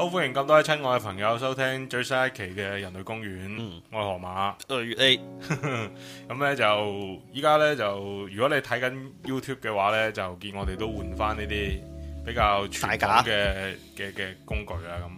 好歡迎咁多位親愛嘅朋友收聽最新一期嘅《人類公園》，嗯，我係河馬，我係月 A，咁咧就依家咧就，如果你睇緊 YouTube 嘅話咧，就見我哋都換翻呢啲比較傳統嘅嘅嘅工具啊，咁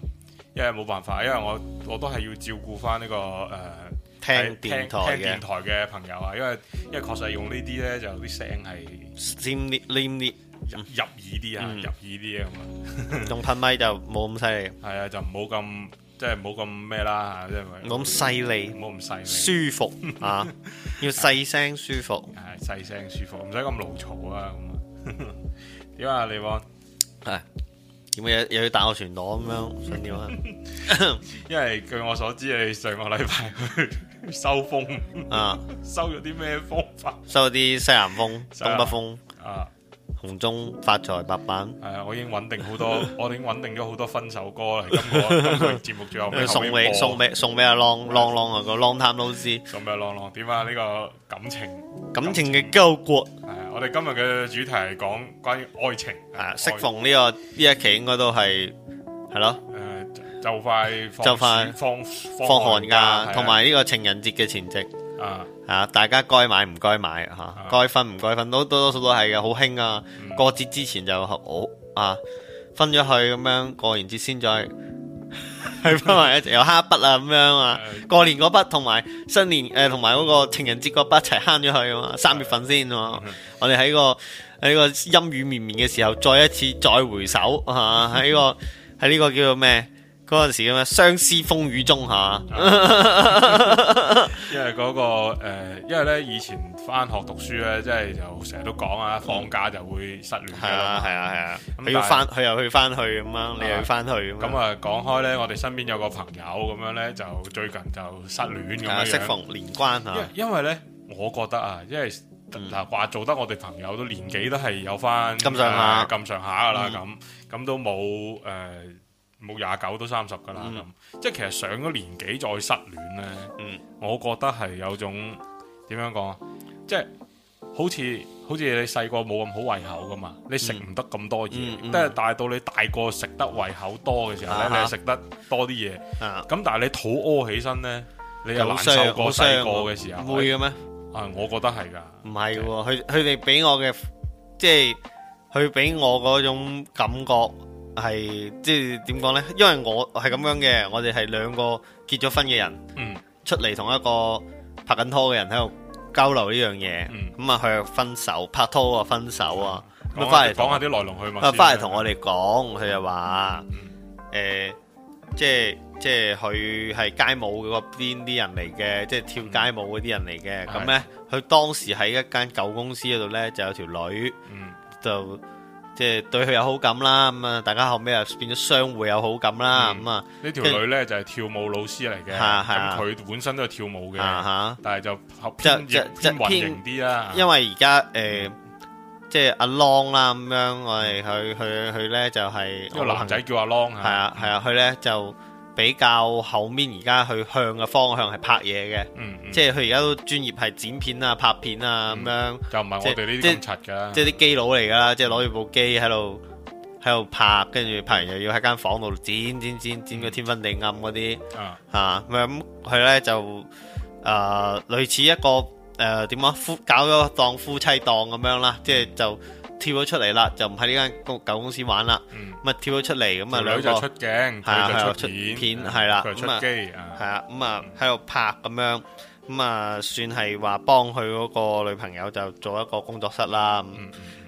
因為冇辦法，因為我我都係要照顧翻呢個誒、呃、聽電台嘅朋友啊，因為因為確實用呢啲咧就啲聲係入耳啲啊，入耳啲啊咁啊，用噴咪就冇咁犀利。係啊，就唔好咁即係冇咁咩啦吓，即係咁犀利，冇咁犀利，舒服啊，要細聲舒服，係細聲舒服，唔使咁老嘈啊咁啊。點啊？你話係點解又要打個傳單咁樣？點啊？因為據我所知，你上個禮拜去收風啊，收咗啲咩方法？收咗啲西南風、東北風啊。從中發財白板，係啊！我已經穩定好多，我已經穩定咗好多分手歌啦。今個節目最後送俾送俾送俾阿浪浪浪啊個浪探老師，送俾阿浪浪點啊？呢個感情感情嘅交割，係啊！我哋今日嘅主題係講關於愛情啊。適逢呢個呢一期應該都係係咯，誒，就快放就快放放寒假，同埋呢個情人節嘅前夕。啊，大家該買唔該買吓，該、啊、分唔該分，多多多數都係嘅，好興啊！嗯、過節之前就好、哦、啊，分咗去咁樣，過完節先再喺翻埋一齊，又慳一筆啊咁樣啊！過年嗰筆同埋新年誒，同埋嗰個情人節嗰筆一齊慳咗去啊嘛！三月份先啊 我哋喺、個喺個陰雨綿綿嘅時候，再一次再回首啊！喺、呢個喺呢、呢個、個叫做咩？嗰陣時咁樣相思風雨中下，因為嗰個誒，因為咧以前翻學讀書咧，即係就成日都講啊，放假就會失戀。係啊係啊係啊，你要翻，佢又去翻去咁樣，你又翻去咁。咁啊講開咧，我哋身邊有個朋友咁樣咧，就最近就失戀咁樣。適逢年關嚇。因為咧，我覺得啊，因為嗱話做得，我哋朋友都年紀都係有翻咁上下，咁上下噶啦，咁咁都冇誒。冇廿九都三十噶啦，咁、嗯、即係其實上咗年紀再失戀呢，嗯、我覺得係有種點樣講，即係好似好似你細個冇咁好胃口噶嘛，你食唔得咁多嘢，都係大到你大個食得胃口多嘅時候呢，啊啊啊你食得多啲嘢，咁、啊啊啊、但係你肚屙起身呢，你又難受過細個嘅時候，會嘅咩？啊，我覺得係噶，唔係喎，佢佢哋俾我嘅，即係佢俾我嗰種感覺。係即係點講呢？因為我係咁樣嘅，我哋係兩個結咗婚嘅人，嗯、出嚟同一個拍緊拖嘅人喺度交流呢樣嘢。咁啊，佢分手拍拖啊，分手啊，咁翻嚟講下啲來龍去脈。咁翻嚟同我哋講，佢就話，誒、呃，即係即係佢係街舞嗰邊啲人嚟嘅，即係跳街舞嗰啲人嚟嘅。咁、嗯嗯、呢，佢是的 當時喺一間舊公司嗰度呢，就有條女，嗯、就。嗯即係對佢有好感啦，咁啊，大家後屘又變咗相互有好感啦，咁啊。呢條女咧就係跳舞老師嚟嘅，咁佢本身都係跳舞嘅，但係就合即亦偏型啲啦。因為而家誒，即係阿 Long 啦，咁樣我哋去佢去咧就係個男仔叫阿 Long，係啊係啊，佢咧就。比較後面而家去向嘅方向係拍嘢嘅、嗯，嗯，即係佢而家都專業係剪片啊、拍片啊咁、嗯、樣，即就唔係我哋呢啲咁柒㗎啦，即係啲機佬嚟㗎啦，即係攞住部機喺度喺度拍，跟住拍完又要喺間房度剪剪剪剪到天昏地暗嗰啲，嗯、啊咁佢咧就誒、呃、類似一個誒點講夫搞咗當夫妻檔咁樣啦、嗯，即係就、嗯。跳咗出嚟啦，就唔喺呢間公舊公司玩啦，咁咪跳咗出嚟，咁啊兩個就出鏡，係啊出片，片係啦，出機啊，係啊，咁啊喺度拍咁樣，咁啊算係話幫佢嗰個女朋友就做一個工作室啦，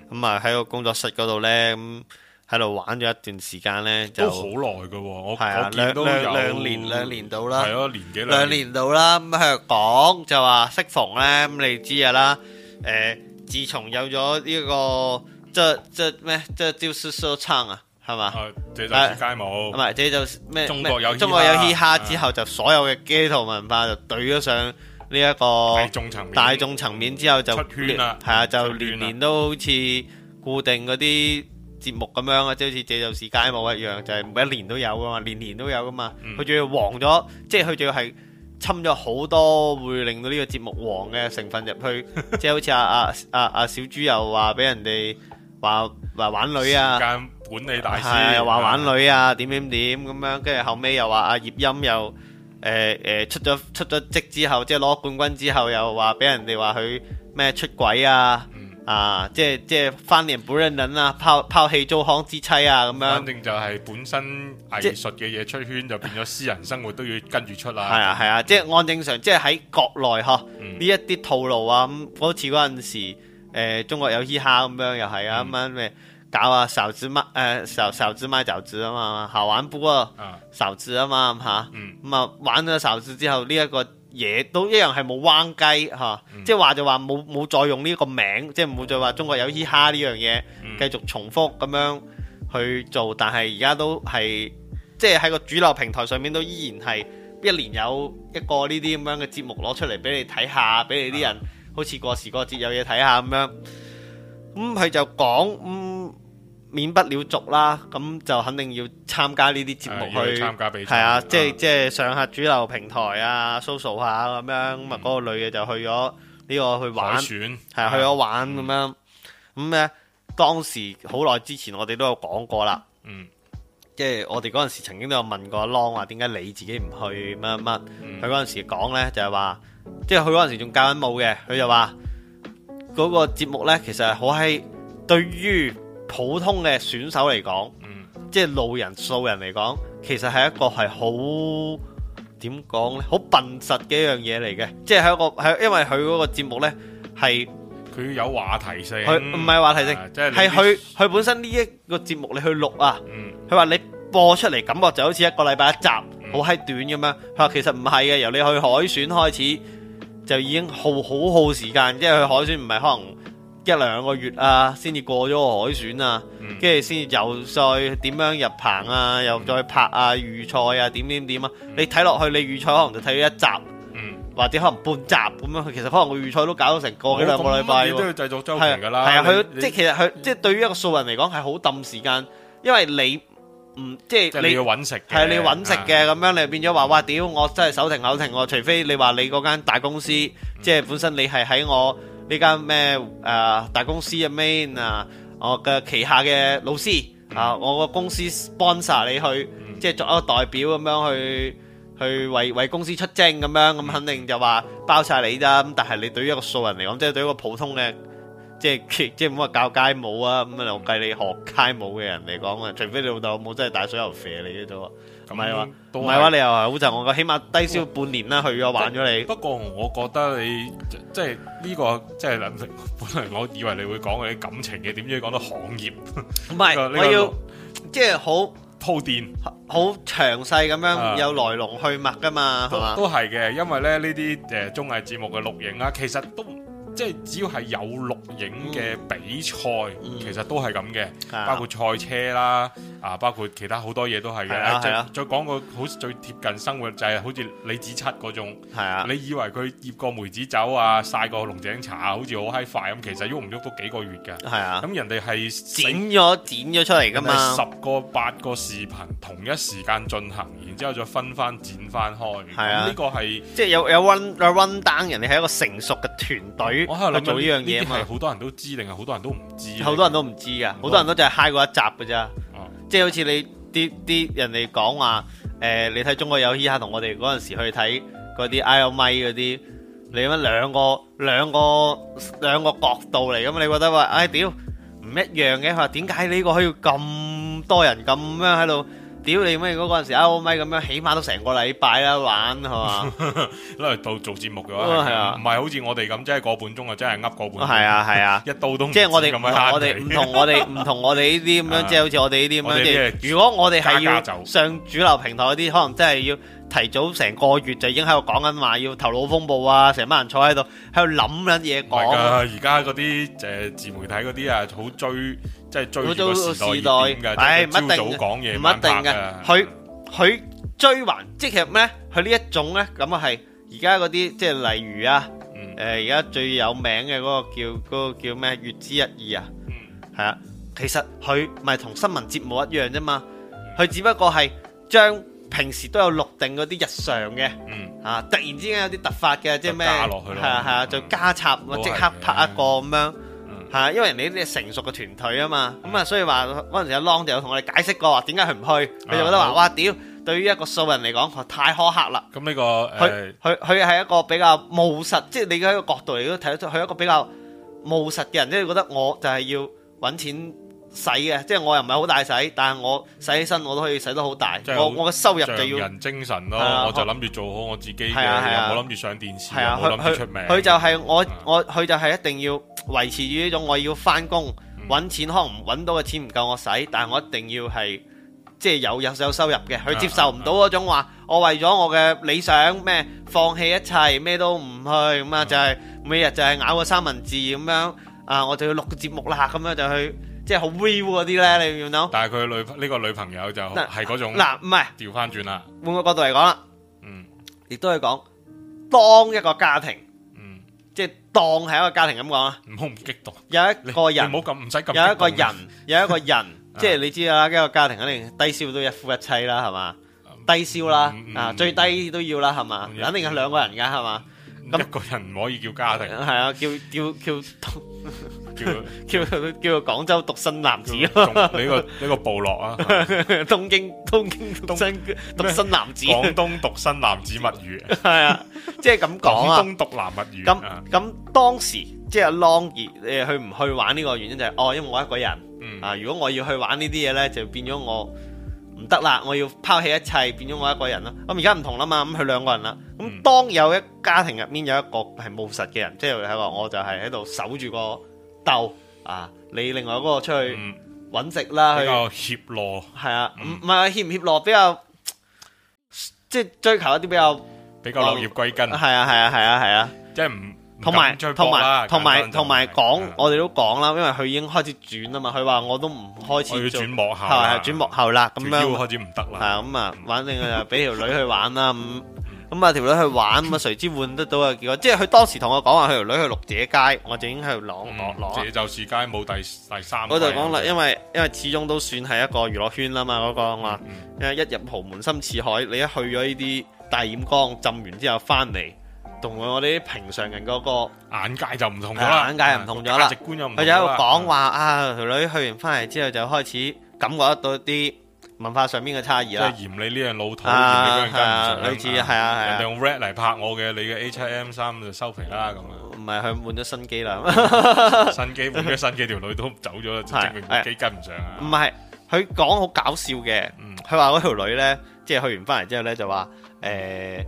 咁啊喺個工作室嗰度咧，咁喺度玩咗一段時間咧，都好耐噶，我係啊兩兩兩年兩年到啦，係咯年幾兩年到啦，咁佢講就話適逢咧，咁你知啊啦，誒。自從有咗呢、這個即即咩即就是說唱是啊，係嘛？誒，這就是街舞，唔係 這就咩、是？中國，中國有嘻哈之後，啊、就所有嘅街頭文化就對咗上呢一個大眾層面之後就出圈啦。係啊，就年年都好似固定嗰啲節目咁樣啊，即係好似這就是街舞一樣，就係、是、每一年都有噶嘛，年年都有噶嘛。佢仲要黃咗，即係佢仲要係。侵咗好多會令到呢個節目黃嘅成分入去， 即係好似阿阿阿阿小豬又話俾人哋話話玩女啊，時間管理大師，又話玩女啊點點點咁樣，跟住後尾又話阿葉音又誒誒、呃、出咗出咗職之後，即係攞冠軍之後又話俾人哋話佢咩出軌啊？啊！即係即係翻臉不認人啊！拋拋棄糟糠之妻啊！咁樣、啊，反正就係本身藝術嘅嘢出圈就變咗，私人生活都要跟住出啦、啊。係啊係啊、嗯、啊，啊，即係按正常，即係喺國內嗬呢一啲套路啊，咁好似嗰陣時，誒，中國有嘻哈咁樣又係啊，咩、嗯、咩、嗯嗯嗯、搞啊，勺子賣誒，勺、啊、勺子賣勺子啊嘛，好玩不過，勺子啊嘛吓，咁、嗯、啊、嗯嗯、玩咗勺子之後呢、這、一個。嘢都一樣係冇彎雞嚇，即係話就話冇冇再用呢個名，即係冇再話中國有嘻哈呢樣嘢繼續重複咁樣去做，但係而家都係即係喺個主流平台上面都依然係一年有一個呢啲咁樣嘅節目攞出嚟俾你睇下，俾你啲人好似過時過節有嘢睇下咁樣，咁佢就講嗯。免不了俗啦，咁就肯定要參加呢啲節目去參加比賽，係啊，即係、啊、即係上下主流平台啊 search 下咁樣。咁啊，嗰個女嘅就去咗呢個去玩，係旋啊，去咗玩咁、嗯、樣。咁咧，當時好耐之前，我哋都有講過啦。嗯，即係我哋嗰陣時曾經都有問過阿 Long 話點解你自己唔去乜乜？佢嗰陣時講呢就係話，即係佢嗰陣時仲教緊舞嘅，佢就話嗰個節目呢，其實好係對於。普通嘅選手嚟講，嗯、即係路人素人嚟講，其實係一個係好點講呢？好笨實嘅一樣嘢嚟嘅。即係喺一個因為佢嗰個節目呢，係佢有話題性，佢唔係話題性，係佢佢本身呢一個節目你去錄啊，佢話、嗯、你播出嚟感覺就好似一個禮拜一集好閪短咁樣。佢話、嗯、其實唔係嘅，由你去海選開始就已經耗好耗時間，即係去海選唔係可能。一兩個月啊，先至過咗個海選啊，跟住先至又再點樣入棚啊，又再拍啊預賽啊，點點點啊，你睇落去你預賽可能就睇咗一集，或者可能半集咁樣，其實可能個預賽都搞咗成個幾兩個禮拜。你都要製作週期㗎啦，係啊，佢即係其實佢即係對於一個素人嚟講係好抌時間，因為你唔即係你要揾食，係你要揾食嘅咁樣，你變咗話哇屌，我真係手停口停喎，除非你話你嗰間大公司，即係本身你係喺我。呢間咩誒，呃、大公司啊 main 啊，呃、我嘅旗下嘅老師啊，呃、我個公司 sponsor 你去，即係作一個代表咁樣去去為為公司出征咁樣，咁肯定就話包晒你咋，咁但係你對於一個素人嚟講，即係對於一個普通嘅即係即係唔好話教街舞啊咁啊，我計你學街舞嘅人嚟講啊，除非你老豆老母真係大水喉肥你嘅咗。唔係嘛，唔係嘛，你又係好就我咁，起碼低燒半年啦，去咗玩咗你不。不過我覺得你即係呢、這個，即係能力。本來我以為你會講嗰啲感情嘅，點知講到行業。唔係，這個、我要即係好鋪墊，好詳細咁樣有來龍去脈噶嘛，係嘛、嗯？都係嘅，因為咧呢啲誒綜藝節目嘅錄影啊，其實都。即係只要係有錄影嘅比賽，其實都係咁嘅，包括賽車啦，啊，包括其他好多嘢都係嘅。再再講個好最貼近生活就係好似李子柒嗰種，係啊，你以為佢醃過梅子酒啊、晒過龍井茶啊，好似好嗨快咁，其實喐唔喐都幾個月嘅。係啊，咁人哋係剪咗剪咗出嚟㗎嘛，十個八個視頻同一時間進行，然之後再分翻剪翻開。係啊，呢個係即係有有 run 有 run down，人哋係一個成熟嘅團隊。我喺度做呢樣嘢啊係好多人都知，定係好多人都唔知？好多人都唔知噶，好多人，多人都就係嗨過一集嘅啫。嗯、即係好似你啲啲人哋講話，誒、呃，你睇中國有嘻哈同我哋嗰陣時去睇嗰啲 IOMI 嗰啲，你咁樣兩個兩個兩個角度嚟噶，你覺得話，哎，屌，唔一樣嘅，話點解呢個可以咁多人咁樣喺度？屌你咩嗰個陣時，啊，歐米咁樣，起碼都成個禮拜啦玩，係嘛？都為做做節目嘅話，唔係好似我哋咁，即係個半鐘啊，真係噏個半鐘。係啊係啊，啊 一到都即係、啊、我哋們我哋唔同我哋唔 同我哋呢啲咁樣，即係、啊、好似我哋呢啲咁樣嘅。如果我哋係要上主流平台嗰啲，可能真係要。提早成個月就已經喺度講緊話要頭腦風暴啊！成班人坐喺度喺度諗緊嘢講。而家嗰啲誒自媒體嗰啲啊，好追即係追個時代嘅，唔一定，早講嘢，唔一定嘅。佢佢追還即係咩咧？佢呢一種呢咁啊係而家嗰啲即係例如啊，誒而家最有名嘅嗰個叫嗰個叫咩？粵知一二啊，係啊，其實佢咪同新聞節目一樣啫嘛，佢只不過係將。平時都有錄定嗰啲日常嘅，嚇突然之間有啲突發嘅，即係咩？係啊係啊，就加插，即刻拍一個咁樣，嚇，因為人哋啲成熟嘅團隊啊嘛，咁啊，所以話嗰陣時阿 Long 就有同我哋解釋過話點解佢唔去，佢就覺得話哇屌，對於一個素人嚟講，佢太苛刻啦。咁呢個佢佢佢係一個比較務實，即係你喺個角度嚟都睇得出，佢一個比較務實嘅人，即係覺得我就係要揾錢。使嘅，即係我又唔係好大使，但係我使起身，我都可以使得好大。是我我嘅收入就要人精神咯。啊、我就諗住做好我自己嘅，啊、我諗住上電視，我諗、啊、出名。佢就係我、啊、我佢就係一定要維持住呢種我要翻工揾錢，嗯、可能揾到嘅錢唔夠我使，但係我一定要係即係有有有,有收入嘅。佢接受唔到嗰種話，嗯、我為咗我嘅理想咩放棄一切咩都唔去咁啊！就係每日就係咬個三文治咁樣啊！我就要錄個節目啦咁樣就去。即係好 will 嗰啲咧，你要諗。但係佢女呢個女朋友就係嗰種。嗱，唔係調翻轉啦，換個角度嚟講啦，嗯，亦都可以講當一個家庭，嗯，即係當係一個家庭咁講啊，唔好唔激動。有一個人，唔好咁，唔使咁。有一個人，有一個人，即係你知啦，一個家庭肯定低消都一夫一妻啦，係嘛，低消啦，啊，最低都要啦，係嘛，肯定係兩個人噶，係嘛。一個人唔可以叫家庭，係啊，叫叫叫 叫叫叫廣州獨生男子咯，呢個呢 個部落啊，啊東京東京獨獨生男子，廣東獨生男子物語，係啊，即係咁講啊，廣、就是、 東獨男物語、啊。咁咁當時即係阿 longie，誒，year, 去唔去玩呢個原因就係、是、哦，因為我一個人、嗯、啊，如果我要去玩呢啲嘢咧，就變咗我。唔得啦！我要拋棄一切，變咗我一個人啦。咁而家唔同啦嘛，咁佢兩個人啦。咁當有一家庭入面有一個係務實嘅人，嗯、即係喺個我就係喺度守住個竇啊，你另外嗰個出去搵食啦，較去較協落係啊，唔唔係協唔協落，比較即係追求一啲比較比較落葉歸根。係啊係啊係啊係啊，即係唔。同埋，同埋，同埋，同埋講，是的 我哋都講啦，因為佢已經開始轉啊嘛，佢話我都唔開始轉幕後啦，轉幕後啦，咁樣開始唔得啦，係咁啊，反正就俾條女去玩啦，咁咁啊，條、那個、女去玩，咁啊，誰知換得到啊？結果即係佢當時同我講話，佢條女去六姐街，我就已經喺度攞攞這就是街冇第第三，我就講啦，因為因為始終都算係一個娛樂圈啦嘛，嗰、那個話，嗯、因為一入豪門深似海，你一去咗呢啲大染缸，浸完之後翻嚟。同我哋啲平常人嗰個眼界就唔同咗啦，眼界就唔同咗啦，價值觀又唔佢就喺度講話啊，條女去完翻嚟之後就開始感覺得到啲文化上面嘅差異啦。即係嫌你呢樣老土，嫌你嗰樣跟唔上。類似係啊係啊，人哋用 red 嚟拍我嘅，你嘅 h m 三就收皮啦咁樣。唔係佢換咗新機啦，新機換咗新機，條女都走咗啦，證明機跟唔上啊。唔係佢講好搞笑嘅，嗯，佢話嗰條女咧，即係去完翻嚟之後咧就話誒。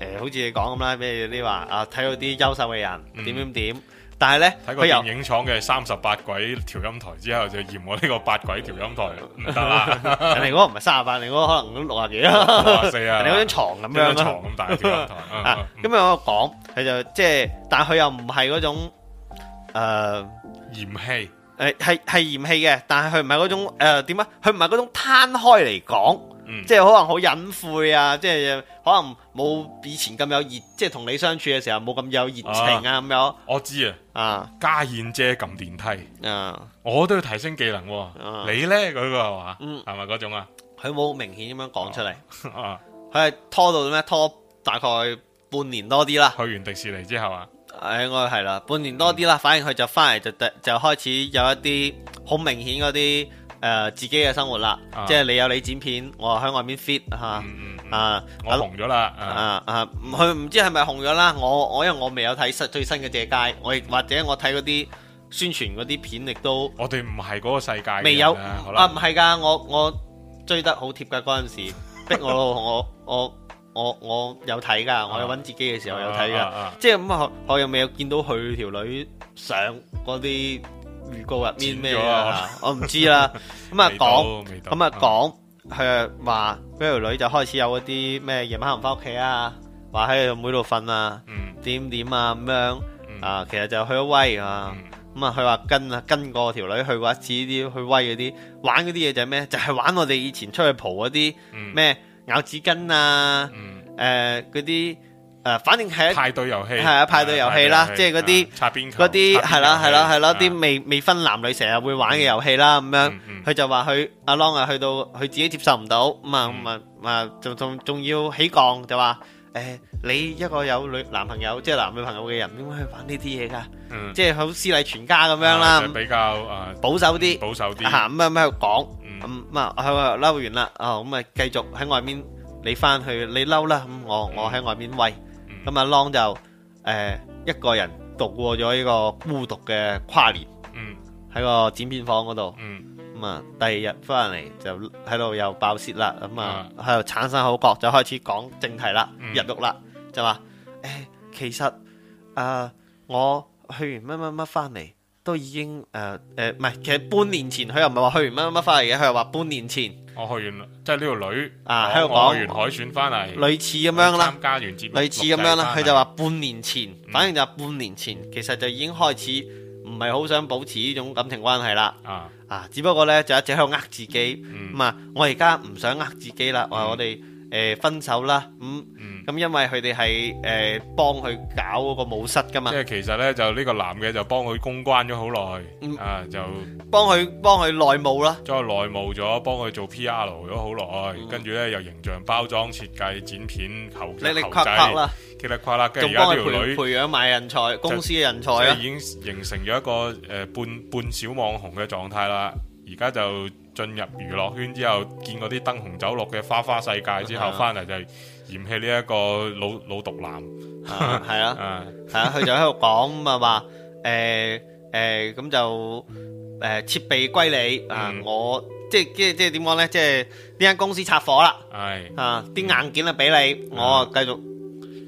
誒、呃，好似你講咁啦，譬如你話啊，睇到啲優秀嘅人、嗯、點點點，但係咧睇過電影廠嘅三十八軌調音台之後，就嫌我呢個八軌調音台唔得啦。你嗰 個唔係卅八，你嗰個可能都六廿幾啦，六廿四啊。你嗰張床咁樣，床咁大調音台、嗯、啊。咁樣、嗯嗯、我講，佢就即係，但係佢又唔係嗰種誒，呃、嫌棄誒，係係嫌棄嘅，但係佢唔係嗰種誒，點、呃、啊？佢唔係嗰種攤開嚟講。即係可能好隱晦啊。即係可能冇以前咁有熱，即係同你相處嘅時候冇咁有熱情啊咁樣、啊。我知啊，啊家燕姐撳電梯啊，我都要提升技能、啊。啊、你呢？嗰個係嘛？係咪嗰種啊？佢冇明顯咁樣講出嚟。佢係拖到咩？拖大概半年多啲啦。 去完迪士尼之後啊，係、哎、我係啦，半年多啲啦，嗯、反正佢就翻嚟，就就開始有一啲好明顯嗰啲。誒自己嘅生活啦，即係你有你剪片，我喺外面 fit 嚇，啊我紅咗啦，啊啊佢唔知係咪紅咗啦，我我因為我未有睇新最新嘅借界，我亦或者我睇嗰啲宣傳嗰啲片，亦都我哋唔係嗰個世界未有啊，唔係㗎，我我追得好貼㗎，嗰陣時逼我我我我我有睇㗎，我有揾自己嘅時候有睇㗎，即係咁啊，我未有見到佢條女上嗰啲。預告入面咩了啊，啊？我唔知啦。咁啊講，咁啊講，係話嗰條女就開始有嗰啲咩夜晚行唔翻屋企啊，話喺佢妹度瞓啊，嗯、點點啊咁樣、嗯、啊。其實就去咗威啊。咁啊、嗯，佢話跟啊跟過條女去過一次啲去威嗰啲玩嗰啲嘢就係咩？就係、是、玩我哋以前出去蒲嗰啲咩咬紙巾啊，誒嗰啲。呃誒，反正係派對遊戲，係啊派對遊戲啦，即係嗰啲嗰啲係啦係啦係啦，啲未未分男女，成日會玩嘅遊戲啦咁樣。佢就話佢阿 long 啊，去到佢自己接受唔到，咁啊咁啊咁啊，仲仲仲要起槓就話誒，你一個有女男朋友，即係男女朋友嘅人，點解去玩呢啲嘢噶？嗯，即係好私禮全家咁樣啦，比較誒保守啲，保守啲吓。咁啊咁喺度講，咁啊佢嬲完啦，哦咁啊繼續喺外面，你翻去你嬲啦，咁我我喺外面喂。咁啊，Long 就誒、呃、一個人度過咗呢個孤獨嘅跨年，喺、嗯、個剪片房嗰度。咁啊、嗯，第二日翻嚟就喺度又爆泄啦。咁啊、嗯，喺度產生口角，就開始講正題啦。入獄啦，就話誒、欸，其實啊、呃，我去完乜乜乜翻嚟都已經誒誒，唔、呃、係、呃，其實半年前佢又唔係話去完乜乜乜翻嚟嘅，佢又話半年前。我去完啦，即係呢條女啊，香港我完海選翻嚟，類似咁樣啦，參加完類似咁樣啦，佢就話半年前，嗯、反正就半年前，其實就已經開始唔係好想保持呢種感情關係啦，啊，啊，只不過呢，就一直喺度呃自己，咁啊、嗯，嗯、我而家唔想呃自己啦，嗯、我話我哋。誒分手啦，咁咁因為佢哋係誒幫佢搞嗰個舞室噶嘛，即係其實咧就呢個男嘅就幫佢公關咗好耐，啊就幫佢幫佢內務啦，即係內務咗，幫佢做 PR 咗好耐，跟住咧又形象包裝設計剪片頭力力垮垮啦，力力垮啦，跟住而家條女培養埋人才，公司嘅人才啊，已經形成咗一個誒半半小網紅嘅狀態啦，而家就。進入娛樂圈之後，見嗰啲燈紅酒綠嘅花花世界之後，翻嚟，就嫌棄呢一個老老毒男。係啊，係啊，佢就喺度講咁啊話，誒誒，咁就誒設備歸你啊，我即係即係即係點講咧？即係呢間公司拆伙啦，係啊，啲硬件啊俾你，我繼續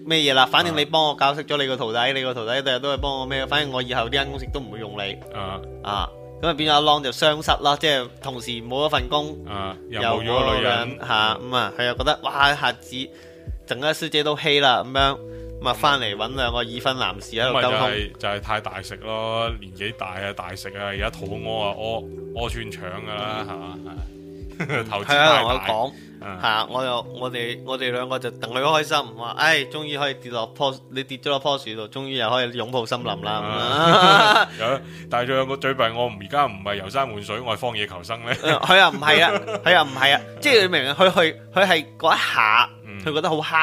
咩嘢啦？反正你幫我教識咗你個徒弟，你個徒弟第日都係幫我咩？反正我以後呢間公司都唔會用你啊啊！咁啊，變咗阿朗就傷失啦，即係同時冇咗份工、啊，又冇咗女人嚇，咁啊、嗯，佢又覺得哇，一下子陣間小姐都棄啦咁樣，咁啊、嗯，翻嚟揾兩個已婚男士喺度溝通，就係、是、太大食咯，年紀大啊，大食啊，而家肚屙啊，屙屙穿腸噶啦嚇。係 啊大，同 我講，吓，我又我哋我哋兩個就戥佢開心，話，唉，終於可以跌落棵，你跌咗落棵樹度，終於又可以擁抱森林啦。咁樣， 但係仲有個最弊，我而家唔係遊山玩水，我係荒野求生咧。係 啊，唔係啊，係啊，唔係啊，即係你明明佢去佢係嗰一下，佢覺得好黑，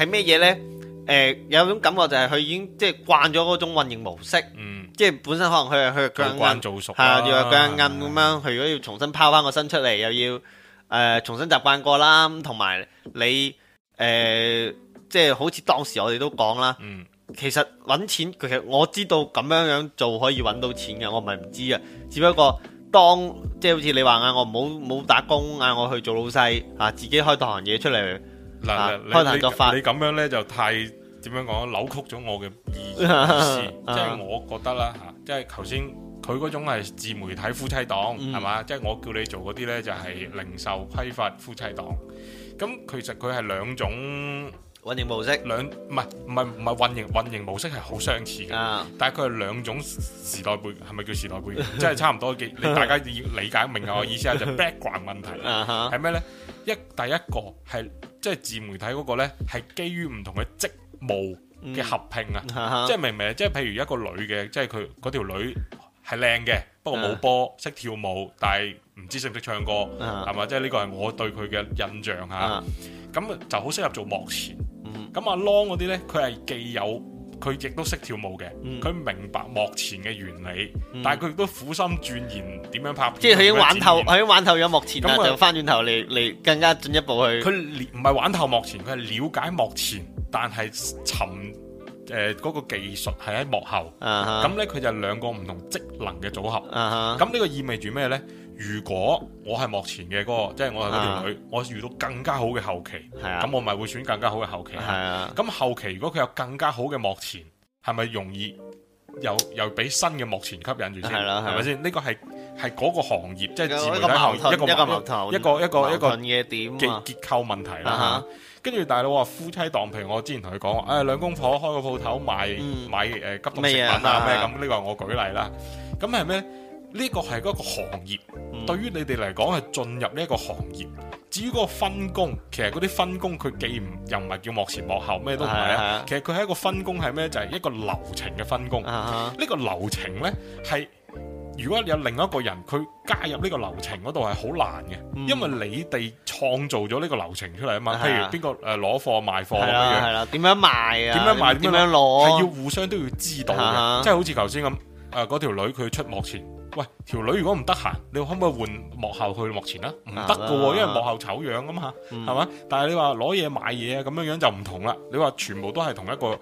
係咩嘢咧？ 誒，有種感覺就係佢已經即係慣咗嗰種運營模式，嗯，即係本身可能佢係佢佢慣做熟，係又係慣咁樣。佢如果要重新拋翻個身出嚟，又要誒重新習慣過啦。同埋你誒，即係好似當時我哋都講啦，嗯，其實搵錢其實我知道咁樣樣做可以搵到錢嘅，我唔係唔知啊。只不過當即係好似你話嗌我唔好冇打工，嗌我去做老細啊，自己開檔行嘢出嚟，嗱開檔作法，你咁樣咧就太。點樣講扭曲咗我嘅意思，即係我覺得啦嚇，即係頭先佢嗰種係自媒體夫妻檔係嘛，即係、嗯、吧我叫你做嗰啲呢，就係、是、零售批發夫妻檔，咁其實佢係兩種運營模式，兩唔係唔係唔係運營運營模式係好相似嘅，啊、但係佢係兩種時代背，係咪叫時代背景？即係差唔多嘅，你大家要理解明白我意思係就是、background 問題，係咩 呢？一第一個係即係自媒體嗰個呢係基於唔同嘅職。舞嘅合拼啊，即係明明即係譬如一個女嘅，即係佢嗰條女係靚嘅，不過冇波，識跳舞，但係唔知識唔識唱歌，係嘛？即係呢個係我對佢嘅印象吓。咁就好適合做幕前。咁阿 Long 嗰啲咧，佢係既有佢亦都識跳舞嘅，佢明白幕前嘅原理，但係佢亦都苦心鑽研點樣拍片。即係佢已經玩透，佢已經玩透咗幕前啊，就翻轉頭嚟嚟更加進一步去。佢唔係玩透幕前，佢係了解幕前。但係沉，誒，嗰個技術係喺幕後，咁咧佢就兩個唔同職能嘅組合，咁呢個意味住咩咧？如果我係幕前嘅嗰個，即係我係嗰條女，我遇到更加好嘅後期，咁我咪會選更加好嘅後期。咁後期如果佢有更加好嘅幕前，係咪容易又又俾新嘅幕前吸引住先？係咪先？呢個係係嗰個行業，即係整體行業一個一個一個嘅點結結構問題啦。跟住大佬話夫妻檔，譬如我之前同佢講，誒、哎、兩公婆開個鋪頭賣賣誒急凍食品啊咩咁，呢個我舉例啦。咁係咩？呢個係嗰個行業，嗯、對於你哋嚟講係進入呢一個行業。至於嗰個分工，其實嗰啲分工佢既唔又唔係叫幕前幕後，咩都唔係啊。啊其實佢係一個分工係咩？就係、是、一個流程嘅分工。呢、啊啊、個流程呢，係。如果有另一個人佢加入呢個流程嗰度係好難嘅，嗯、因為你哋創造咗呢個流程出嚟啊嘛。譬如邊個誒攞貨賣貨咁的樣，點樣賣啊？點樣賣？點樣攞？係要互相都要知道嘅，的的即係好似頭先咁誒嗰條女佢出幕前，喂條女如果唔得閒，你可唔可以換幕後去幕前啊？唔得㗎喎，因為幕後醜樣啊嘛，係嘛、嗯？但係你話攞嘢買嘢啊咁樣樣就唔同啦。你話全部都係同一個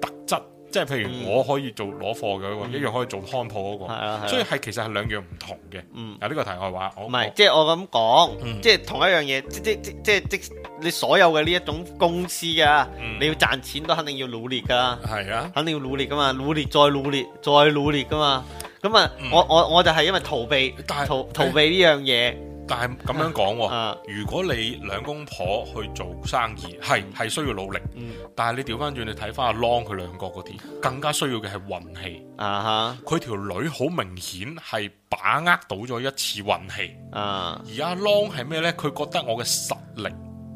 特質。即係譬如我可以做攞貨嗰個，一樣可以做看舖嗰個，所以係其實係兩樣唔同嘅。啊，呢個題外話，我唔係即係我咁講，即係同一樣嘢，即即即即即你所有嘅呢一種公司啊，你要賺錢都肯定要努力噶啦，係啊，肯定要努力噶嘛，努力再努力再努力噶嘛。咁啊，我我我就係因為逃避逃逃避呢樣嘢。但係咁樣講喎，如果你兩公婆去做生意，係係需要努力。嗯、但係你調翻轉，你睇翻阿 Long 佢兩個嗰啲，更加需要嘅係運氣。啊哈！佢條女好明顯係把握到咗一次運氣。啊！而阿 Long 係咩呢？佢覺得我嘅實力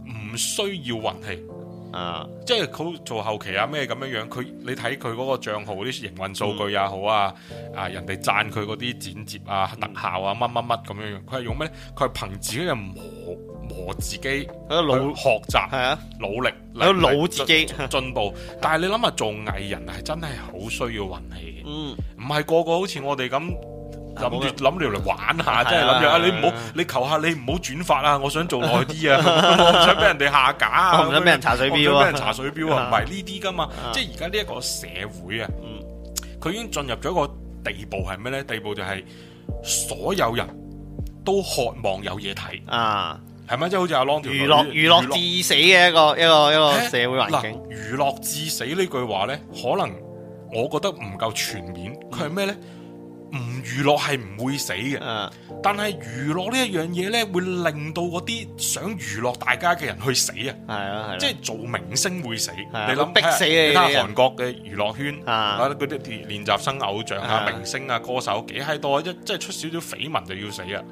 唔需要運氣。啊！即係佢做後期啊，咩咁樣樣？佢你睇佢嗰個賬號啲營運數據也好啊，啊人哋讚佢嗰啲剪接啊特效啊乜乜乜咁樣樣，佢係用咩？佢係憑自己嘅磨磨自己，佢努老學習係啊，努力，努自己進步。 但係你諗下做藝人係真係好需要運氣嘅，唔係個個好似我哋咁。諗住諗住嚟玩下，即係諗住啊！你唔好你求下你唔好轉發啊！我想做耐啲啊！想俾人哋下架啊！想俾人查水表唔想俾人查水表啊！唔係呢啲噶嘛，即係而家呢一個社會啊，佢已經進入咗一個地步係咩咧？地步就係所有人都渴望有嘢睇啊，係咪？即係好似阿 long 條娛樂娛樂至死嘅一個一個一個社會環境。娛樂至死呢句話咧，可能我覺得唔夠全面。佢係咩咧？唔娛樂係唔會死嘅，但係娛樂呢一樣嘢呢，會令到嗰啲想娛樂大家嘅人去死啊！即係做明星會死。你諗，逼死你。睇下韓國嘅娛樂圈，嗰啲練習生偶像啊、明星啊、歌手幾閪多，一即係出少少緋聞就要死啊！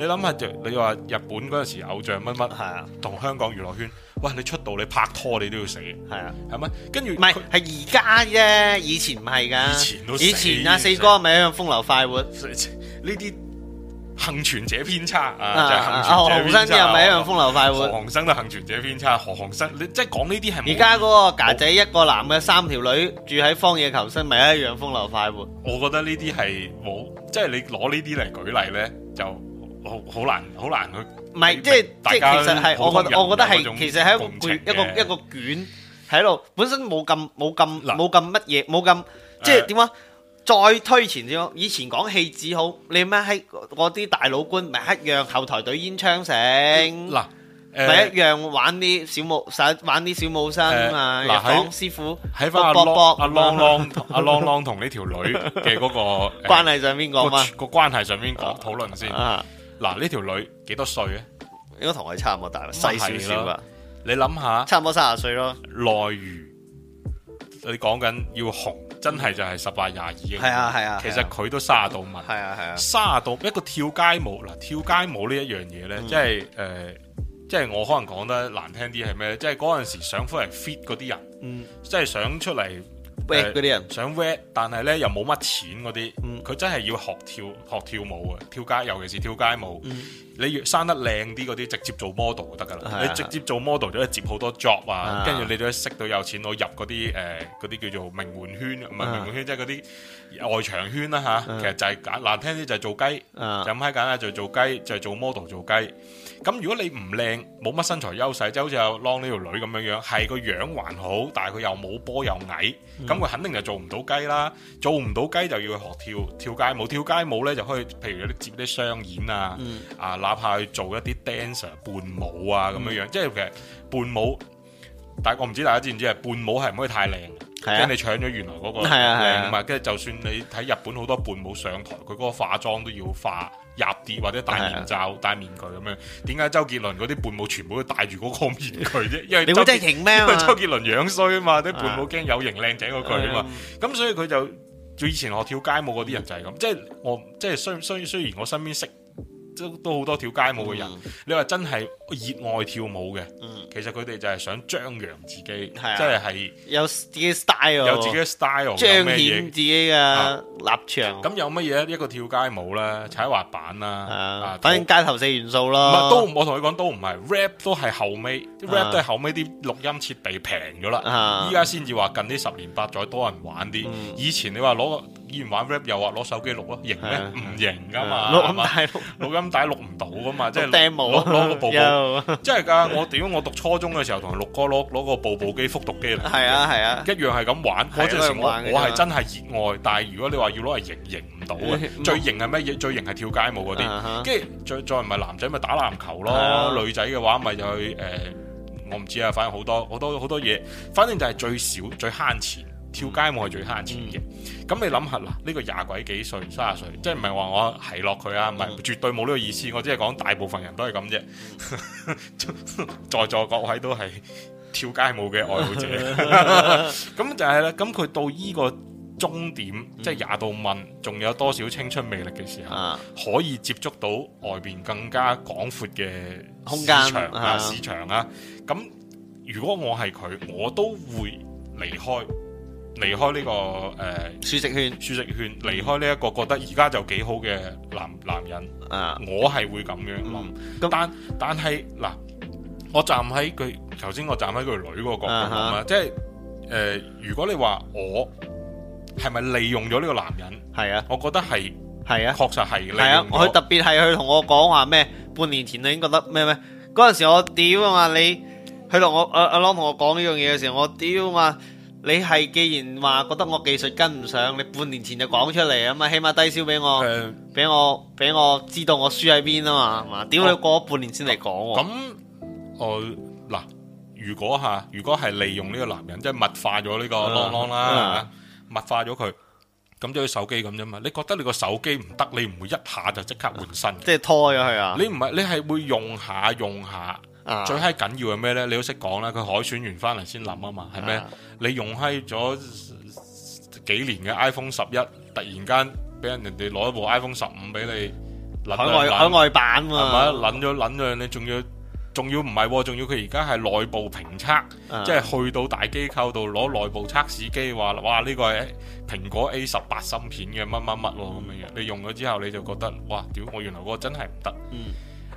你諗下，你話日本嗰陣時偶像乜乜，同香港娛樂圈。哇！你出道你拍拖你都要死，係啊，係咪？跟住唔係係而家啫，以前唔係噶，以前都死。以前啊，四哥咪一樣風流快活。呢啲幸存者偏差啊，幸存者偏差。何鴻燊又咪一樣風流快活？何鴻燊都幸存者偏差。何鴻燊，你即係講呢啲係咪？而家嗰個格仔一個男嘅三條女住喺荒野求生，咪一樣風流快活。我覺得呢啲係冇，即係你攞呢啲嚟舉例咧，就好好難，好難去。唔係，即係即係，其實係我覺，我覺得係其實係一個卷，一個一個卷，喺度本身冇咁冇咁冇咁乜嘢，冇咁即係點啊？再推前啲咯，以前講戲子好，你咩？喺我啲大佬官，咪一樣後台懟煙槍成嗱，咪一樣玩啲小武，玩玩啲小武生啊！嗱，講師傅，喺翻阿浪阿浪浪阿浪浪同呢條女嘅嗰個關係上邊講嘛？個關係上邊講討論先。嗱，呢條女幾多歲咧？應該同我哋差唔多大，是細少少啊！你諗下，差唔多三十歲咯。例如，你講緊要紅，真係就係十八廿二。係啊係啊，啊其實佢都卅度嘛。係啊係啊，卅度一個跳街舞嗱，跳街舞呢一樣嘢咧，即係誒，即係、即係呃即係、我可能講得難聽啲係咩？即係嗰陣時想翻嚟 fit 嗰啲人，即係、嗯、想出嚟。搵嗰啲人想搵，但係咧又冇乜錢嗰啲，佢、嗯、真係要學跳學跳舞啊，跳街，尤其是跳街舞。嗯、你越生得靚啲嗰啲，直接做 model 就得噶啦。啊、你直接做 model，你可以接好多 job 啊。跟住、啊、你都識到有錢佬入嗰啲誒，啲、呃、叫做名媛圈，唔、啊、名媛圈即係嗰啲外場圈啦、啊、吓。啊、其實就係、是、簡難聽啲就係做雞，啊、就咁閪簡單就係做雞，就係做 model 做雞。咁如果你唔靚，冇乜身材優勢，即係好似有 long 呢條女咁樣樣，係個樣還好，但係佢又冇波又矮，咁佢、嗯、肯定就做唔到雞啦。做唔到雞就要去學跳跳街舞，跳街舞呢，就可以，譬如有啲接啲商演啊，嗯、啊，哪怕去做一啲 dancer 伴舞啊咁樣樣，嗯、即係其實伴舞，但係我唔知大家知唔知啊？伴舞係唔可以太靚，驚是、啊、你搶咗原來嗰個靚嘛。跟住、啊啊、就算你睇日本好多伴舞上台，佢嗰個化妝都要化。入碟或者戴面罩、是啊、戴面具咁樣，點解周杰倫嗰啲伴舞全部都戴住嗰個面具啫？因為 你真係型咩？因為周杰倫樣衰啊嘛，啲、啊、伴舞驚有型靚仔嗰句啊嘛，咁是、啊、所以佢就以前學跳街舞嗰啲人就係咁，即係我即係雖雖雖然我身邊識。都好多跳街舞嘅人，你話真係熱愛跳舞嘅，其實佢哋就係想張揚自己，即係有自己 style，有自己 style，彰顯自己嘅立場。咁有乜嘢？一個跳街舞啦，踩滑板啦，反正街頭四元素啦。都我同你講都唔係 rap，都係後尾 rap，都係後尾啲錄音設備平咗啦，依家先至話近呢十年八載多人玩啲。以前你話攞個。.而玩 Rap 又話攞手機錄咯，型咩？唔型噶嘛，錄音帶錄，錄音帶錄唔到噶嘛，即係掟毛，攞個步步，係噶。我點我讀初中嘅時候，同人錄歌咯，攞個步步機復讀機嚟，係啊係啊，一樣係咁玩。陣時我係真係熱愛，但係如果你話要攞嚟型，型唔到嘅。最型係咩嘢？最型係跳街舞嗰啲。跟住再再唔係男仔咪打籃球咯，女仔嘅話咪就去誒，我唔知啊，反正好多好多好多嘢，反正就係最少最慳錢。跳街舞係最慳錢嘅。咁、嗯、你諗下啦，呢、這個廿鬼幾歲，三十歲，即係唔係話我係落佢啊？唔係，絕對冇呢個意思。我只係講大部分人都係咁啫， 在座各位都係跳街舞嘅愛好者。咁 就係、是、咧，咁佢到呢個終點，嗯、即係廿到問，仲有多少青春魅力嘅時候，啊、可以接觸到外邊更加廣闊嘅空間、場啊市場啊？咁如果我係佢，我都會離開。離開呢、這個誒、呃、舒適圈，舒適圈離開呢一個覺得而家就幾好嘅男男人，啊、我係會咁樣諗。咁、嗯嗯、但 Rut, 但係嗱，我站喺佢頭先，我站喺佢女嗰個角度啊嘛，即係誒，如果你話我係咪利用咗呢個男人？係啊，我覺得係係啊，確實係。係啊，佢特別係佢同我講話咩？半年前你已經覺得咩咩？嗰陣時我屌啊嘛，你佢同我阿阿朗同我講呢樣嘢嘅時候，我屌啊嘛。你係既然話覺得我技術跟唔上，你半年前就講出嚟啊嘛，起碼低消俾我，俾的我俾我知道我輸喺邊啊嘛，屌吧你過半年先嚟講喎？咁我嗱，如果嚇、啊，如果係利用呢個男人，即係物化咗呢個朗朗啦，物化咗佢，咁就好似手機咁啫嘛。你覺得你個手機唔得，你唔會一下就即刻換新、啊，即係拖咗佢啊？你唔係你係會用下用下。用 Uh huh. 最閪緊要係咩呢？你都識講啦，佢海選完翻嚟先諗啊嘛，係咩？Uh huh. 你用閪咗幾年嘅 iPhone 十一，突然間俾人哋攞一部 iPhone 十五俾你，海外弄海外版喎，係咪？諗咗諗咗，你仲要仲要唔係、哦？仲要佢而家係內部評測，uh huh. 即係去到大機構度攞內部測試機，話哇呢個係蘋果 A 十八芯片嘅乜乜乜咯咁樣。Mm hmm. 你用咗之後你就覺得哇屌！我原來嗰個真係唔得。Mm hmm.